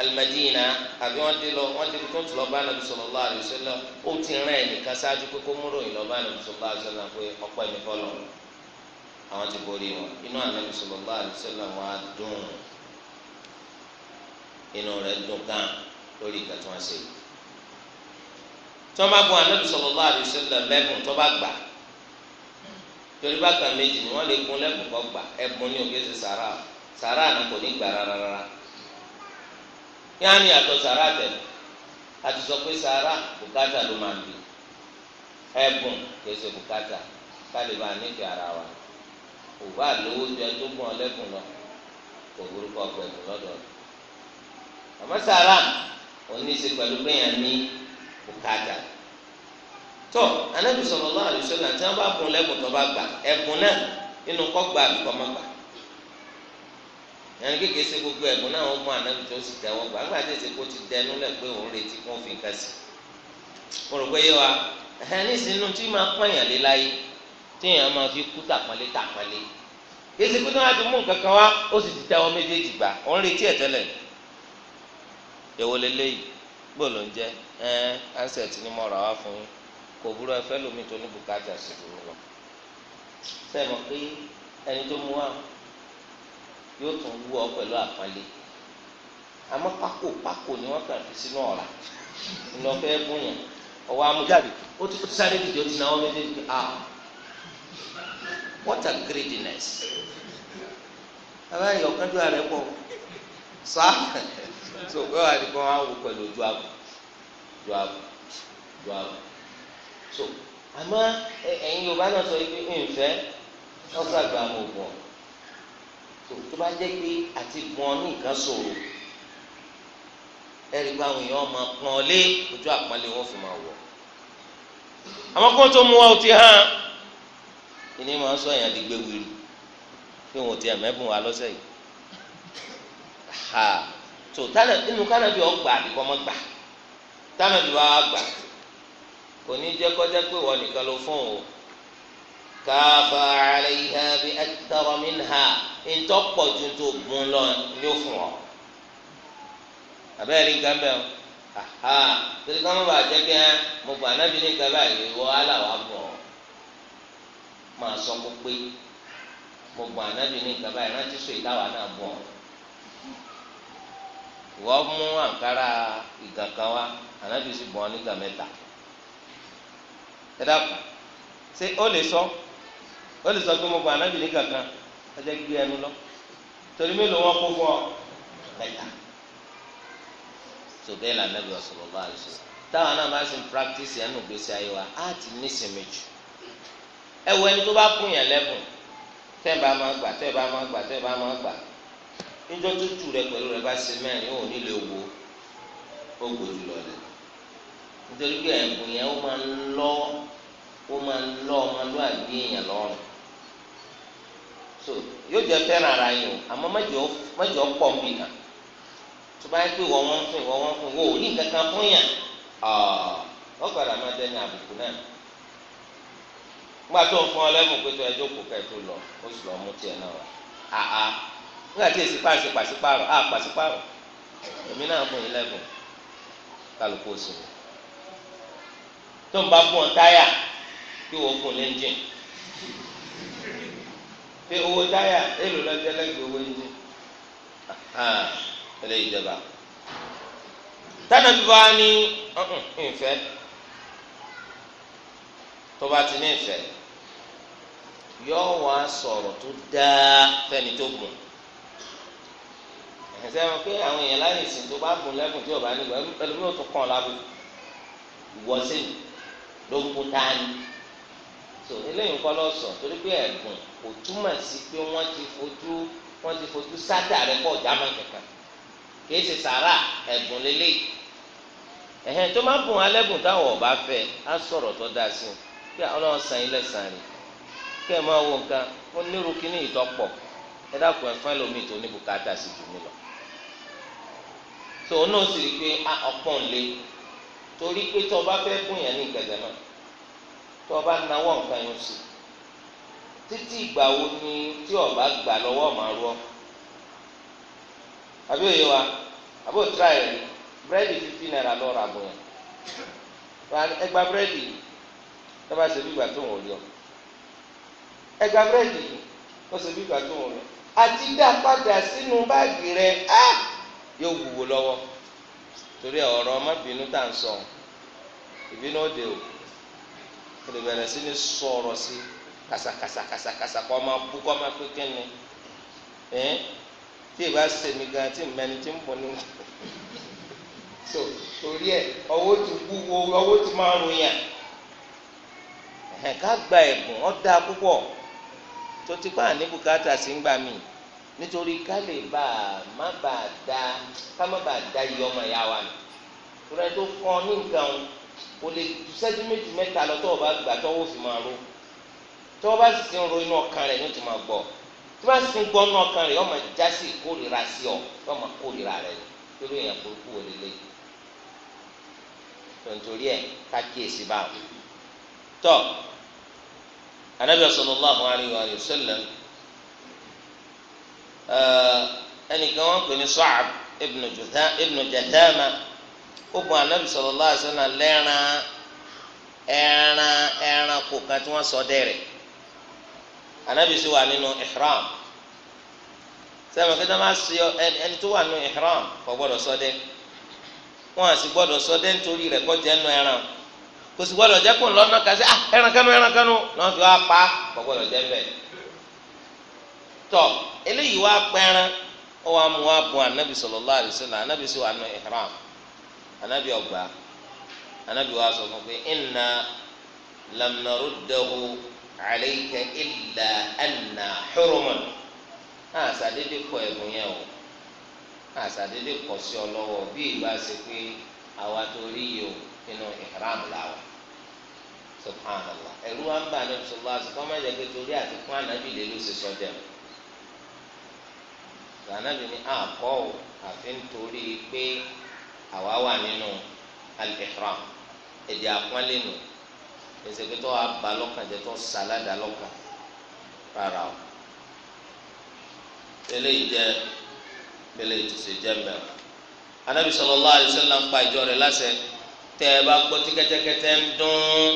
alimadina àbí wọn ti lọ wọn ti kó tó lọ bá anabi sallallahu alaihi wasallam ó ti rán ẹnìkan ṣáájú pé kó múrò yìí lọ bá anabi sallallahu alaihi wasallam pé ọ̀pọ̀ ẹni fọlọ àwọn ti borí wọn inú anabi sallallahu alaihi wasallam wọn á dùn inú rẹ̀ dùn gan lórí ìgbà tí wọn ṣe yìí tí wọn bá bọ anabi sallallahu alaihi wasallam lẹbùn tí bá gbà torí bákan méjì ni wọn lè gún lẹbùn kọ gbà ẹbùn ní òkè ṣe sàrà sàrà àná kò ní gbà rárá yanni ni àtọ̀ sàrà tẹ̀lé àti sọ pé sàrà bùkátà ló máa ń bì ẹ̀bùn kìí bùkátà ara wa kò bá lówó tó gbọ́n ọlẹ́kùn lọ kò burúkọ ọgbẹ̀dùn lọ́dọ̀ rẹ̀ àmọ́ sàrà òní pẹ̀lú gbẹ̀yàn ní bùkátà tọ́ anábìsọ̀rọ̀ lọ́wọ́ àdìsọ́nà tí wọ́n bá bùn lẹ́kùn tó bá gbà ẹni kékeré ṣe gbogbo ẹ̀gbọ́n náà wọ́n mú ànábì tó sì tẹ́wọ́ gbà nígbà tí èsì kó ti dẹnu lẹ̀ pé òun retí kó fi nǹkan sí mo rò pé yé wa ẹ̀hẹ́n nísìnyí tí máa pọ̀nyàn lé láyé tí èèyàn máa fi kú tàpọ́nlé tàpọ́nlé èsì kó tó wá ti mú nǹkan kan wá ó sì ti tẹ́wọ́ méjèèjì gbà òun retí ẹ̀ tẹ́lẹ̀ èwo leléyìí gbọ́ ló ń jẹ́ ẹ́ ansẹ̀tì ni mo rà wá fún yín kò burú ẹfẹ́ lómi tó ní yóò tún wú ọ pẹ̀lú àpọ́nlé àmọ́ pákó pákó ni wọ́n kàn fi sínú ọ̀rá ni wọ́n fẹ́ bóyàn ọwọ́ amújáde ó ti sáré dìde ó ti náwó méjèèjì ah what a greediness abáyọ kájú ààrẹ pọ̀ sá so wọ́n á wò pẹ̀lú ojú àbò so àmọ́ ẹ̀yin Yorùbá náà sọ pé nfẹ́ ọ̀sán àgbà mọ̀ tó tó bá jẹ́ pé àti gun ọ ní nǹkan sòrò ẹ̀rí pé àwọn èèyàn máa pọn ọ lé ojú àpọ́nlé wọn fi máa wọ̀ àwọn kan tó mú wa ò ti hàn ìní máa ń sọ èèyàn di gbé wiri pé wọn ò ti ẹ̀mẹ́bùn wa lọ́sẹ̀ yìí ha tó tálẹ̀ inú kánàbí ọgbà àbíkọ́ mọ́ gbà kánàbí wa gbà kò ní jẹ́ kọjá pé wọ́n nìkan ló fún òun káfa àlàyé bí ẹtọrọ mi nà ntọ́ pọ̀ ju tó gun lọ yóò fún ọ. abẹ́rẹ́ nǹkan bẹ́ẹ̀ aha torí ká má bàa jẹ́ kí ẹ mo gbà nábì ní nǹkan báyìí wọ́n aláwa bọ̀ máa sọ kó pé mo gbà nábì ní nǹkan báyìí rántí sọ ìdáwà náà bọ̀ ìwọ mú àǹkárá ìgàn kan wá sì bọ̀ ọ́ nígbà ẹ dákun ṣé ó lè sọ. So? ó lè sọ pé mo gba anábì ní kankan ẹjẹ gbé ẹnu lọ torí mélòó wọn kó fún ọ mẹ́ta tó bẹ́ẹ̀ lànà bí ọsọlọ bá a sọ táwọn náà máa ń sin practice ẹnu gbèsè ayé wa á ti ní sinmi jù ẹ wọ ẹni tó bá kún yẹn lẹ́bùn tẹ́ ẹ bá máa gbà tẹ́ ẹ bá máa gbà tẹ́ ẹ bá máa gbà níjọ́ tó tù rẹ pẹ̀lú rẹ bá ṣe mẹ́rin ò ní lè wo ó gbòdì lọ́lẹ̀ nítorí pé ẹ̀bùn yẹn ó máa ń lọ́ ó máa ń lọ́ ọmọlúwàbí èèyàn lọ́rùn so yóò jẹ fẹ́ràn ara yín o àmọ́ mẹ́jọ pọ̀ ń bì kan tó bá yẹ pé wọ́n wọ́n fún wọ́n wọ́n fún wọ́n ò ní kankan fún yàn ọ̀ gbọ́dọ̀ máa dẹ́ni àbùkù náà fún ọ lẹ́mù ẹjọ́ kò tó lọ ó sì lọ mú tiẹ̀ náà wá àá nígbà tí èsì pàṣẹ pàṣípàrọ̀ àá pàṣípàrọ̀ èmi náà fún yín lẹ́bùn kálukú oṣù tó ń bá fún ọ táyà kí pé owó táyà èlò lọ́jọ́ lẹ́gbẹ̀ẹ́ owó yìí ẹlẹ́ ìjọba tánàbí bá ní ìfẹ́ tó bá ti ní ìfẹ́ yóò wá sọ̀rọ̀ tó dáa fẹ́ni tó gùn ẹ̀sẹ̀ wọn pé àwọn èèyàn láyé ìsìn tó bá gùn lẹ́kùn tí ò bá nígbà ẹlòmíràn tó kàn lábẹ́ ìwọ́sẹ̀ ló ń kú tání so eléyìí nǹkan lọ sọ torí pé ẹ̀bùn kò túmọ̀ sí pé wọ́n ti fojú wọ́n ti fojú sádà rẹ pọ̀ jámọ́ kankan kìí ṣe sàrà ẹ̀bùn lélẹ́yìí ẹ̀hẹ́n tó máa bùn alẹ́bùn táwọn ọba fẹ́ á sọ̀rọ̀ tó dáa sí i pé ọlọ́run san ilé san rè kẹ́ ẹ̀ máa wo nǹkan ó nírú kíní ìtọ́pọ̀ ẹ dákun ẹ̀ fún ẹlòmíì tó ní bùkátà sí jù mí lọ tó o náà sì rí pé ah, ọpọ́n lé torí pé tó o bá fẹ́ bùn yẹn ní ìgbẹ̀gbẹ̀ náà tó o bá nawọ́ nǹkan yẹn sí títí ìgbà wo ni tí o bá gbà lọ́wọ́ máa rú ọ àbí òye wa àbí òtúrà ẹ̀ ní búrẹ́dì fífi náírà lọ́ọ́ rà bọ̀ yẹn ẹgbà búrẹ́dì tó bá ṣe bí ìgbà tó ń wọlé ọ ẹgbà búrẹ́dì tó ṣe bí ìgbà tó ń wọlé ọ àti dá padà sínú báàgì rẹ á yóò wúwo lọ́wọ́ torí ọ̀rọ̀ ọmọbìnrin tá à ń sọ ìbínú òde òkú. o lè bẹ̀rẹ̀ sí ní sọ̀rọ̀ sí kàsàkàsàkàsàkàsà kọ́ máa bú kọ́ máa pé kẹ́ni ẹ̀ tí ìbá sèmi gan tí mẹni tí ń bọ̀ ní wọn. so torí ẹ ọwọ́ ti wúwo ọwọ́ ti máa ń yàn ká gba da púpọ̀ tó ti pa ní sí ń gbà mí nítorí ká lè a má bàa da ká má bàa wa nù. o lè ṣẹ́jú méjì mẹ́ta lọ tó o bá gbà tó o fi máa ro tó o bá sì ti ń ro inú ọkàn rẹ̀ ní o ti máa gbọ́ tí wọ́n sì ń gbọ́ inú ọkàn rẹ̀ yọ máa já sí ìkórìíra sí ọ yọ máa kórìíra rẹ̀ lórí èèyàn burúkú wò lélẹ̀ tontori ẹ̀ ká kíyèsí báwo tọ́ anabi sallallahu alayhi wa sallam ẹnìkan wọn pè ní Sa'ab ibn Jathama ogun anabi sallallahu alaihi wasallam lẹ́ran ẹran ẹranko kan tí wọ́n sọ dẹ́rẹ̀ anabi sì wà nínú ihram sẹ́wọ̀n kí dáná sí ọ ẹni tó wà nínú ihram kò gbọ́dọ̀ ṣọdẹ wọn à sì gbọ́dọ̀ ṣọdẹ nítorí rẹ̀ kọ́ jẹ́ nù ẹran kò sì gbọ́dọ̀ jẹ́ kó lọ́nà kásẹ̀ ah ẹran kánú ẹran kánú náà fi wá pa kò gbọ́dọ̀ jẹ́ bẹ́ẹ̀ tọ eléyìí wá pẹ́ran ó wàá mú wá bùn anabi sallallahu alaihi anabi sì wà nínú ihram anabi ọgbà anabi wa sọ fún pé inna lam naruddahu alayka illa anna huruman àṣàdédé kọ ẹ̀bùn yẹn o àṣàdédé kọ sí ọ lọ́wọ́ bí ìgbà ṣe pé àwa tó rí yìí o nínú ihram làwà subhanallah ẹ̀rú wa ń bá anabi sọ wá sọ fún ọmọ ìjẹ́pẹ́ torí àti fún anabi lè ló ṣe sọdẹ o anabi ni àkọ́ o àfi ń torí pé àwa wà nínú al-ihram èdè àpọ́nlé nù ezekutọ aba lọ́kàn jẹ́ tọ salada lọ́kàn rárá o eléyìí jẹ́ eléyìí tó ṣe jẹ́ mẹ anabi sallallahu alaihi wasallam pa ìjọ rẹ̀ láṣẹ tẹ́ ẹ bá gbọ́ tí ń dún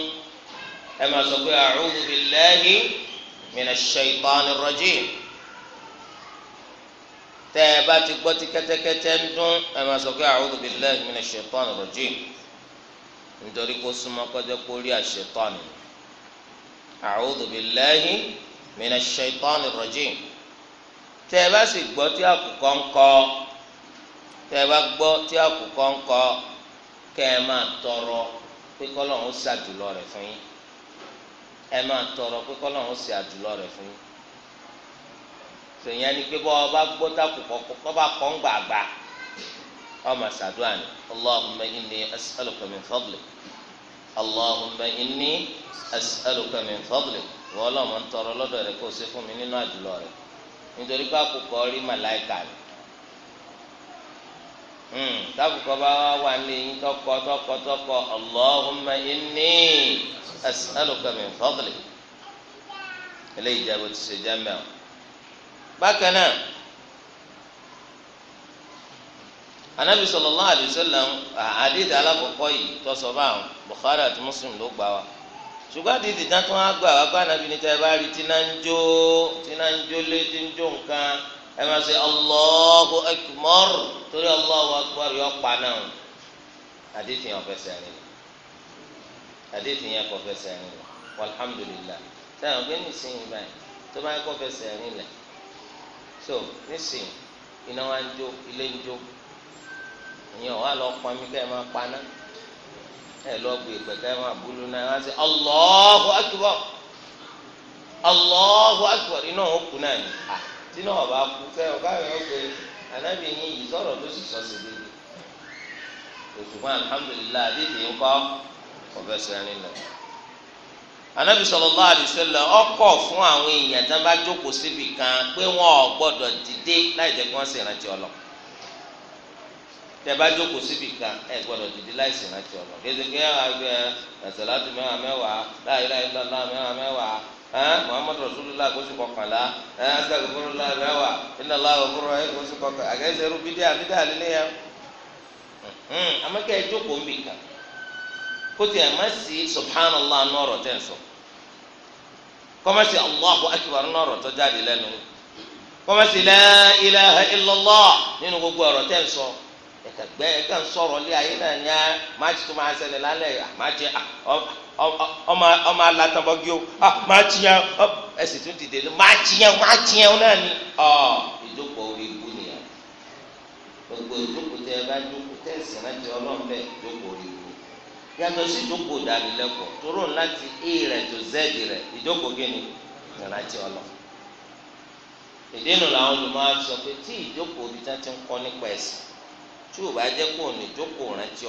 ẹ máa sọ pé a'udhu billahi minash shaitanir rajim tẹ ẹ bá ti gbọ́ tí kẹ́tẹ́kẹ́tẹ́ ń dún ẹ máa sọ pé a'udhu billahi minash shaitani rajim nítorí kó súnmọ́ kọjá kó rí àṣetọ́nù a'udhu billahi minash shaitani rajim tẹ ẹ bá sì gbọ́ tí àkùkọ ń kọ tẹ ẹ bá gbọ́ tí àkùkọ ń kọ kẹ ẹ máa tọrọ pé kọ́lọ́hún ṣàjùlọ rẹ̀ fún yín ẹ máa tọrọ pé kọ́lọ́hún ṣàjùlọ rẹ̀ fún yín sèyàn ni pé bọ́ọ̀ bá gbọ́ tákù kọ́ bá kọ́ ń gbàgbà ọmọ sàdúrà ni allahumma inni as'aluka min fadlik allahumma inni as'aluka min fadlik wọ́n lọ́mọ ń tọrọ lọ́dọ̀ rẹ kó o ṣe fún mi nínú àdúrà rẹ nítorí pé àkùkọ rí màláìka ni hmm, tábùkọ bá wà ní tọkọ tọkọ tọkọ allahumma inni as'aluka min fadlik eléyìí jẹ́ bó ti ṣe jẹ́ mẹ́wàá. bákan náà anabi sallallahu alayhi wa sallam àdìdì bukhari àti muslim ló gbà wá ṣùgbọ́n àdìdì tán tó wá gbà wá bá anabi níta ẹ bá rí tí náà lé tí nǹkan ẹ máa ṣe allahu akbar torí allahu yọ pa náà yẹn so nísìnyí iná wa ń jó ilé ń jó ìyẹn wà lọ pọn mi kẹ́ ẹ máa paná ẹ lọ gbé ìpè kẹ́ ẹ máa búlú náà wá sí Allahu Akbar Allahu Akbar iná wọn kú náà ni tí náà bá kú anábì yín yìí anabi sallallahu alaihi wasallam ọkọ fún àwọn èèyàn tí wọn bá jókòó síbi kan pé wọn ò dìde láì kí ọlọ tẹ bá jókòó síbi kan ẹ dìde láì ọlọ kézeke ẹ ẹsẹláàtì mẹ́wàá mẹ́wàá láì láì lọlá mẹ́wàá mẹ́wàá ẹ muhammadu rasulillah kọkànlá ẹ iná ẹ kọkànlá àgẹsẹ jókòó kan kóòtù ẹ̀ má sí subhanallah nù ọ̀rọ̀ tẹ̀ ń sọ kọ́mẹ́sì allahu akbar nù ọ̀rọ̀ tó jáde lẹ́nu kọ́mẹ́sì la ilaha illallah nínú gbogbo ọ̀rọ̀ tẹ̀ ń sọ ẹ̀ka gbẹ́ ẹ̀ka ń sọ̀rọ̀ lé ayé náà ní máàtì tó máa ṣẹlẹ̀ lálẹ́ máàtì ah, ọmọ alátabọ́gí o ah, máàtì yẹn ẹ̀sìn tó dìde lé máàtì yẹn máàtì yẹn náà ni ìjókòó orí ikú nìyẹn gbogbo ìjókòó tẹ ẹ bá jókòó tẹ̀sí náà ti ọlọ́run bẹ́ẹ̀ yàtọ̀ sí ìjókòó ìdánilẹ́kọ̀ọ́ lati láti a rẹ̀ tó z rẹ̀ ìjókòó gẹ́ni ọlọ. ìdínú làwọn olùmọ̀ sọ pé tí ìjókòó ti ń kọ́ nípa ẹ̀sìn tí ò bá jẹ́ pò ìjókòó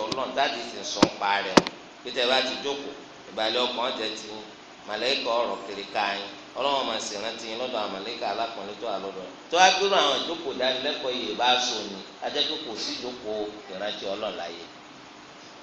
ọlọ́run sì ń sọ pa rẹ̀ pété bá ti jókòó ìbàlẹ̀ ọkàn jẹ́ ti màlẹ́kọ̀ ọ̀rọ̀ kiri ọlọ́run máa sì rántí yín lọ́dọ̀ alákùnrin tó tó wá àwọn ìjókòó yìí bá sọ ni ajẹ́ pé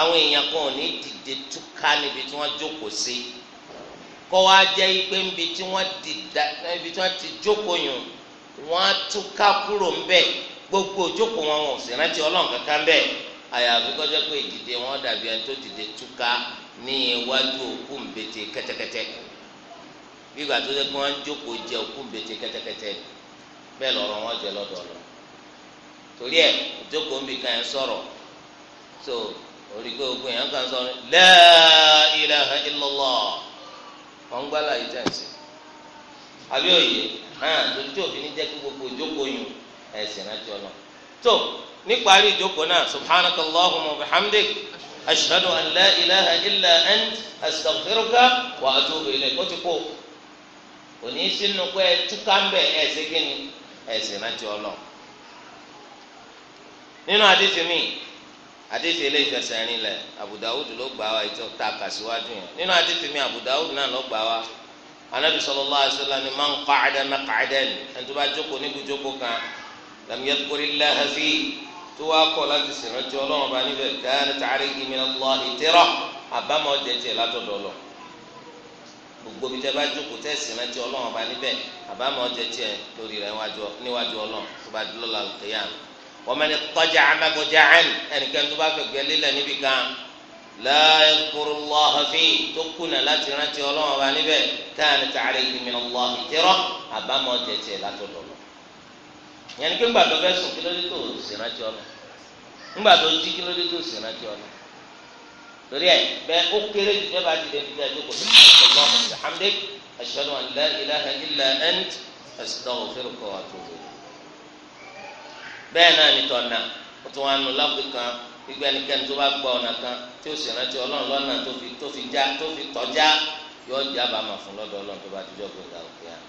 àwọn èèyàn kan ò ní dìde túká níbi tí wọ́n jókòó sí kọ́ wa jẹ́ pé níbi tí wọ́n dìda níbi tí wọ́n ti jókòó yùn wọ́n á túká kúrò ńbẹ̀ gbogbo jókòó wọn ò sì rántí ọlọ́run kankan bẹ́ẹ̀ àyàfi kọjá pé ìdìde wọn dàbí ẹni tó dìde túká ní iwájú òkú ńbete kẹ́tẹ́kẹ́tẹ́ bí ìgbà tó dé pé wọ́n jókòó jẹ òkú ńbete kẹ́tẹ́kẹ́tẹ́ bẹ́ẹ̀ lọ́rọ̀ wọn jẹ lọ́dọọlọ torí ẹ̀ ìjókòó ńbi kan sọ̀rọ̀ so orí pé gbogbo èèyàn kan sọ la ilaha illallah wọn gbá láyé jẹ́ǹsì àbí òye hàn torí tí òfin jẹ́ kí gbogbo ìjókòó yùn ẹ̀sìn rántí ọ̀nà. tó níparí ìjókòó náà subhanakallahumma wa bihamdik ashhadu an la ilaha illa ant astaghfiruka wa atubu ilayk kó ti kó òní sínú pé túká ń bẹ ẹ̀sìn kí ni ẹ̀sìn rántí ọ̀nà. nínú àdìsí mi àdéhìí ilé ìfẹsẹ̀ rìn lẹ̀ Abu Dawud ló gbà wá ìtọ́ ta kàṣíwájú yẹn nínú àdéhìí mi Abu Dawud náà ló gbà wá anabi sallallahu alaihi wasallam ni man qa'ada maq'adan ẹni tó bá jókòó níbi jókòó kan lam yadhkurillaha fi tó wá kọ̀ láti sèrántí ọlọ́run bá níbẹ̀ káyọ̀ tààrí ìmìnira lọ́ọ̀hì tẹ́rọ̀ àbámọ̀ jẹjẹ látọ̀dọ̀ lọ gbogbo bí tẹ́ bá jókòó tẹ́ sèrántí ọlọ́run bá níbẹ̀ àbámọ̀ jẹjẹ lórí rẹ̀ níwájú ọlọ́run tó bá dúró lálùkẹ́yàmù wọ́mẹ́ni tọ́jà amágójáàn ẹnìkan tó bá fẹ̀gbẹ́ lílẹ̀ níbi kan láyé kúrú lọ́hàfí tó kùnà láti rántí ọlọ́wọ́n bá níbẹ̀ káàní tààrí ìgbìmọ̀ lọ́hì tẹ́rọ àbámọ̀ tẹ̀tẹ̀ látọ̀dọ̀ lọ. ìyẹn ni pé ńgbà tó fẹ́ sùn kí ló dé tó sì rántí ọlọ́ ńgbà tó jí kí ló dé tó sì rántí ọlọ́ torí ẹ bẹ́ẹ̀ ó kéré jù bẹ́ẹ̀ bá ti dẹbi dẹ ẹjọ́ kò tó kọ lọ alhamdulilayi ashhadu an la ilaha illa ant astaghfiruka wa atubu bẹ́ẹ̀ náà ni tọ̀nà ó tún wá nu lápẹ́ kan gbígbé ẹnikẹ́ni tó bá gba ọ̀nà kan tí ó sì rántí ọlọ́run lọ́nà tó fi tó fi já tó fi tọ́já yọ ọjà bá máa fún lọ́dọ̀ ọlọ́run tó bá dijọ́ gbẹ̀dà òkè àná.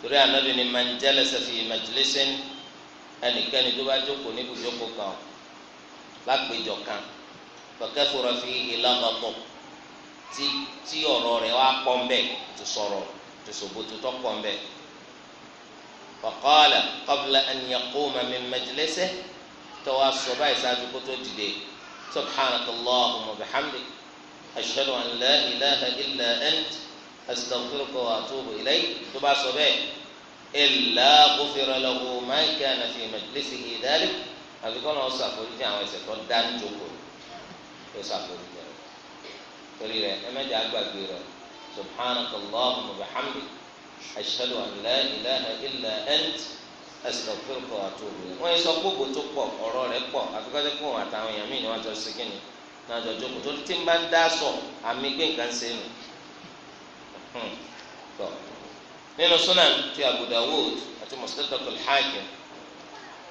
torí ànábì ni man jalasa fi majlisin ẹnikẹ́ni tó bá jókòó níbi ìjókòó kan lápèjọ kan fakathura fihi laghatu tí tí ọ̀rọ̀ rẹ̀ wá pọ̀ ń bẹ̀ tó sọ̀rọ̀ tó sòbótó tó pọ̀ ń faqala qabla an yaquma min majlisihi tọwọ sọ báyìí ṣáájú kó tó dìde subhanaka allahumma wa bihamdik ashhadu an la ilaha illa ant astaghfiruka wa atubu ilayk tó bá sọ bẹ́ẹ̀ illa ghufira lahu ma kana fi majlisihi dhalik àfi kọ́ náà ṣàforíjì àwọn ẹ̀ṣẹ̀ tó dá ń jókòó tó ṣàforíjì rẹ̀ torí rẹ̀ ẹ mẹ́jọ àgbàgbé rẹ̀ subhanaka allahumma wa bihamdik ashhadu an la ilaha illa ant astaghfiruka wa atubu ilayk wọ́n yẹ sọ gbogbo tó pọ̀ ọ̀rọ̀ rẹ̀ pọ̀ àfikọ́jọ́ pé òun àtàwọn èèyàn míì ni wọ́n jọ sí kíni náà jọ jókòó tó ti ń bá ń dá sọ àmì gbé nǹkan ṣe nù tọ nínú sunan ti Abu Dawud àti Mustadrakul Hakim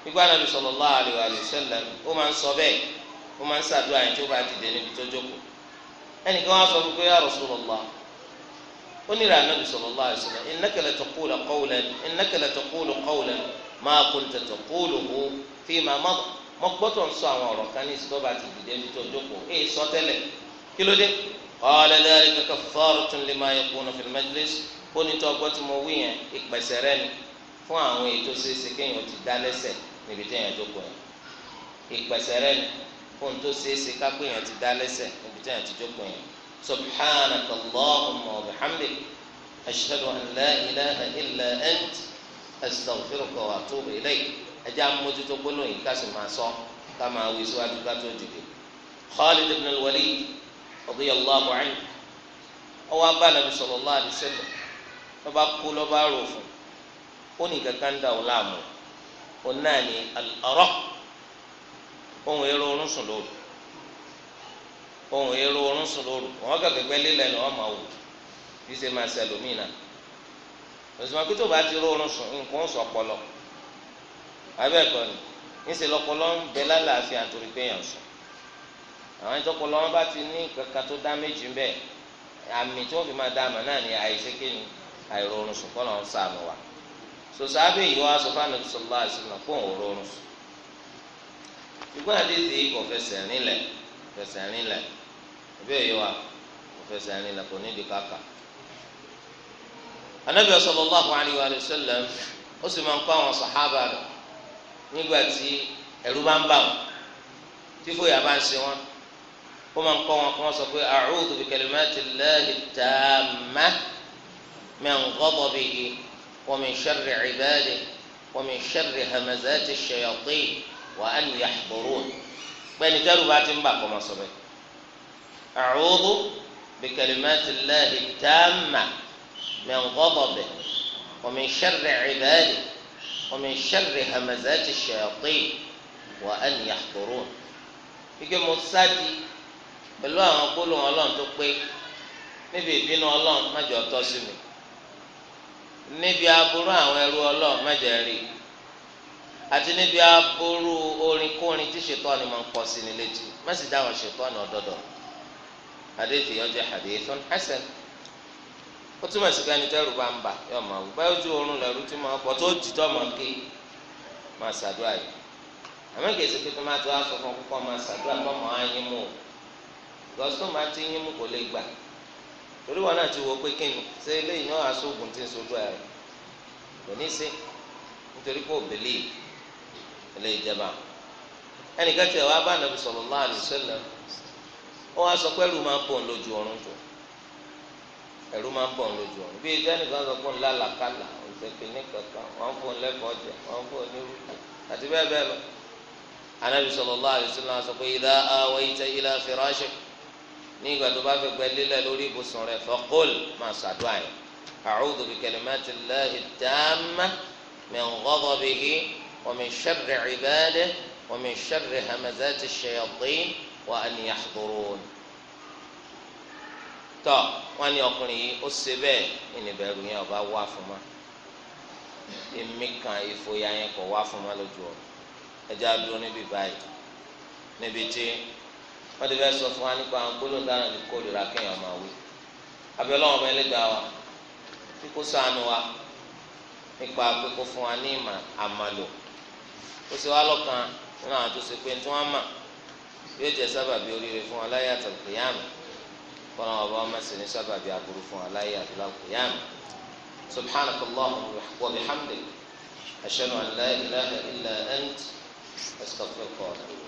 nígbà Ànábì sallallahu alaihi wa sallam ó máa ń sọ bẹ́ẹ̀ ó máa ń ṣàdúrà yẹn tó bá dìde níbi tó jókòó ẹnìkan wá sọ fún pé ya Rasulullah ó ní ìlànà bisalòlá àṣìlá ìnákẹlẹ tó kúlù kọwulẹ ìnákẹlẹ tó kúlù kọwulẹ máa kó ní tètè kúlù hó fi máa mọ mọ gbọtọ ń sọ àwọn ọ̀rọ̀ kan ní ìsìtọba ti dìde ní tó jókòó èyí sọ tẹ́lẹ̀ kí ló dé ọlẹ lẹyìn kẹkẹ fọọrọ tún lè máa yẹ kóno fìlì mẹjìlẹs ó ní tó ọgbọ tí wí yẹn ìpèsè rẹ ni fún àwọn èyí ṣeéṣe kéèyàn ti dá lẹ́ṣẹ̀ níbi téèyàn jókòó yẹn ìpèsè rẹ ni fún tó ṣeéṣe ká سبحانك اللهم وبحمدك أشهد أن لا إله إلا أنت أستغفرك وأتوب إليك أجا موجود قلوي كاسم ما صام كما ويسوا دكاتو جدي خالد بن الوليد رضي الله عنه أو أبا النبي صلى الله عليه وسلم ọba kú lọba rò fún ó ní kankan dà ó láàmú ohun èrò oorun sùn lóru wọn kàn gbẹgbẹ lílẹ ni wọn máa wò bí ṣe máa ṣe ẹlòmínà òṣùwọn pé tó bá ti ró oorun sùn nǹkan ó sọ ọpọlọ abẹ́ẹ̀kọ́ ni ńṣe lọpọlọ ń bẹ lálàáfíà nítorí pé èèyàn sùn àwọn ìtọ́pọlọ wọn bá ti ní kankan tó dá méjì ńbẹ àmì tí fi máa dá àmà náà ni àìsèké ni sùn kọ́nà ń sàánù wa sòsò abẹ́ ìwọ aṣọ fáànù tó sọlá rinlẹ̀ fẹsẹ̀ rinlẹ̀ ìbéèrè wa kò fẹsẹ̀ rìn lọ kò nídìí káka. anabi sallallahu alayhi wa sallam ó sì máa ń kó àwọn sàhábà rẹ̀ nígbà tí ẹ̀rù bá ń bà wọ́n tí fòyà bá ń ṣe wọ́n ó máa ń kọ́ wọn kó wọ́n sọ pé a'udhu bi kalimatillahi tammati min ghadabihi wa min sharri ibadihi wa min sharri hamazati shayatin wa an yahdurun pẹ́ẹ́nì tẹ́rù bá ti ń bà kọ́ máa sọ bẹ́ẹ̀ a'udhu bi kalimati llahi tamma min ghadabihi wa min sharri ibadihi wa min sharri hamazati shayatin wa an yahdurun. ike mo sáàdì pẹ̀lú àwọn gbólóhùn ọlọ́run tó pé níbi ìbínú ọlọ́run má jẹ́ ó tọ́ sí mi níbi aburú àwọn ẹrú ọlọ́run má jẹ́ rí àti níbi aburú orin kórin tí ṣètọ́ ni mo ń pọ̀ sí ni létí má sì dáhùn ṣètọ́ ni ọ̀dọ́dọ̀ mi. hadith yẹn jẹ́ hadithun hasan ó túmọ̀ sí káni tẹ́rù bá ń bà yọ máa wù báyọ̀ ojú oorun ma tí máa pọ̀ tó jì ma ké ma ṣàdúrà yìí àmọ́ kèsì pé tó tó aṣọ kan púpọ̀ máa ṣàdúrà mú o ti yín mú kò lè gbà torí wọn náà ti wọ pé kí ni ṣé náà ti ń sojú ẹ kò ní í nítorí ẹnìkan wá bá nàbì ó wá sọ pé ẹrù máa ń bọ̀ lójú ọrùn tó ẹrù máa ń bọ̀ lójú ọrùn bí ìjẹ́ nìkan sọ pé ńlá làkàlà òṣèpè ní kankan wọ́n fún un lẹ́kọ̀ọ́ jẹ wọ́n fún un ní rúkà àti bẹ́ẹ̀ bẹ́ẹ̀ lọ. anabi sallallahu alaihi wasallam sọ pé idha awaita ila firashik ní ìgbà tó bá fi gbẹ lílẹ̀ lórí ibùsùn rẹ̀ faqul máa ṣàdúrà yẹn a'udhu bi kalimatillahi tammah min ghadabihi wa min sharri ibadihi wa min sharri hamazati shayatin wa an tọ wọn ni ọkùnrin yìí ó ṣe bẹ́ẹ̀ ìnìbẹ̀rù yẹn ọba wá fún ma èmi kan ìfòyà yẹn kò wá fún ma lójú ọ ẹjẹ adúró níbi báyìí níbi tí wọn ti fẹ́ sọ fún wa nípa àwọn ní kórìíra kéèyàn máa wí abẹ́lẹ́ ọmọ wa tí kò wa nípa pé kó fún wa ní ìmọ̀ àmàlò ó sì wá lọ́kàn nínú àwọn tí yóò jẹ́ sábàbí oríire fún aláyé àtàlùkìyàmù kọ́nà ọba ọmọ sì ní sábàbí àbúrò fún aláyé àtàlùkìyàmù subhanaka allahumma wa bihamdik ashhadu an la ilaha illa ant astaghfiruka wa atubu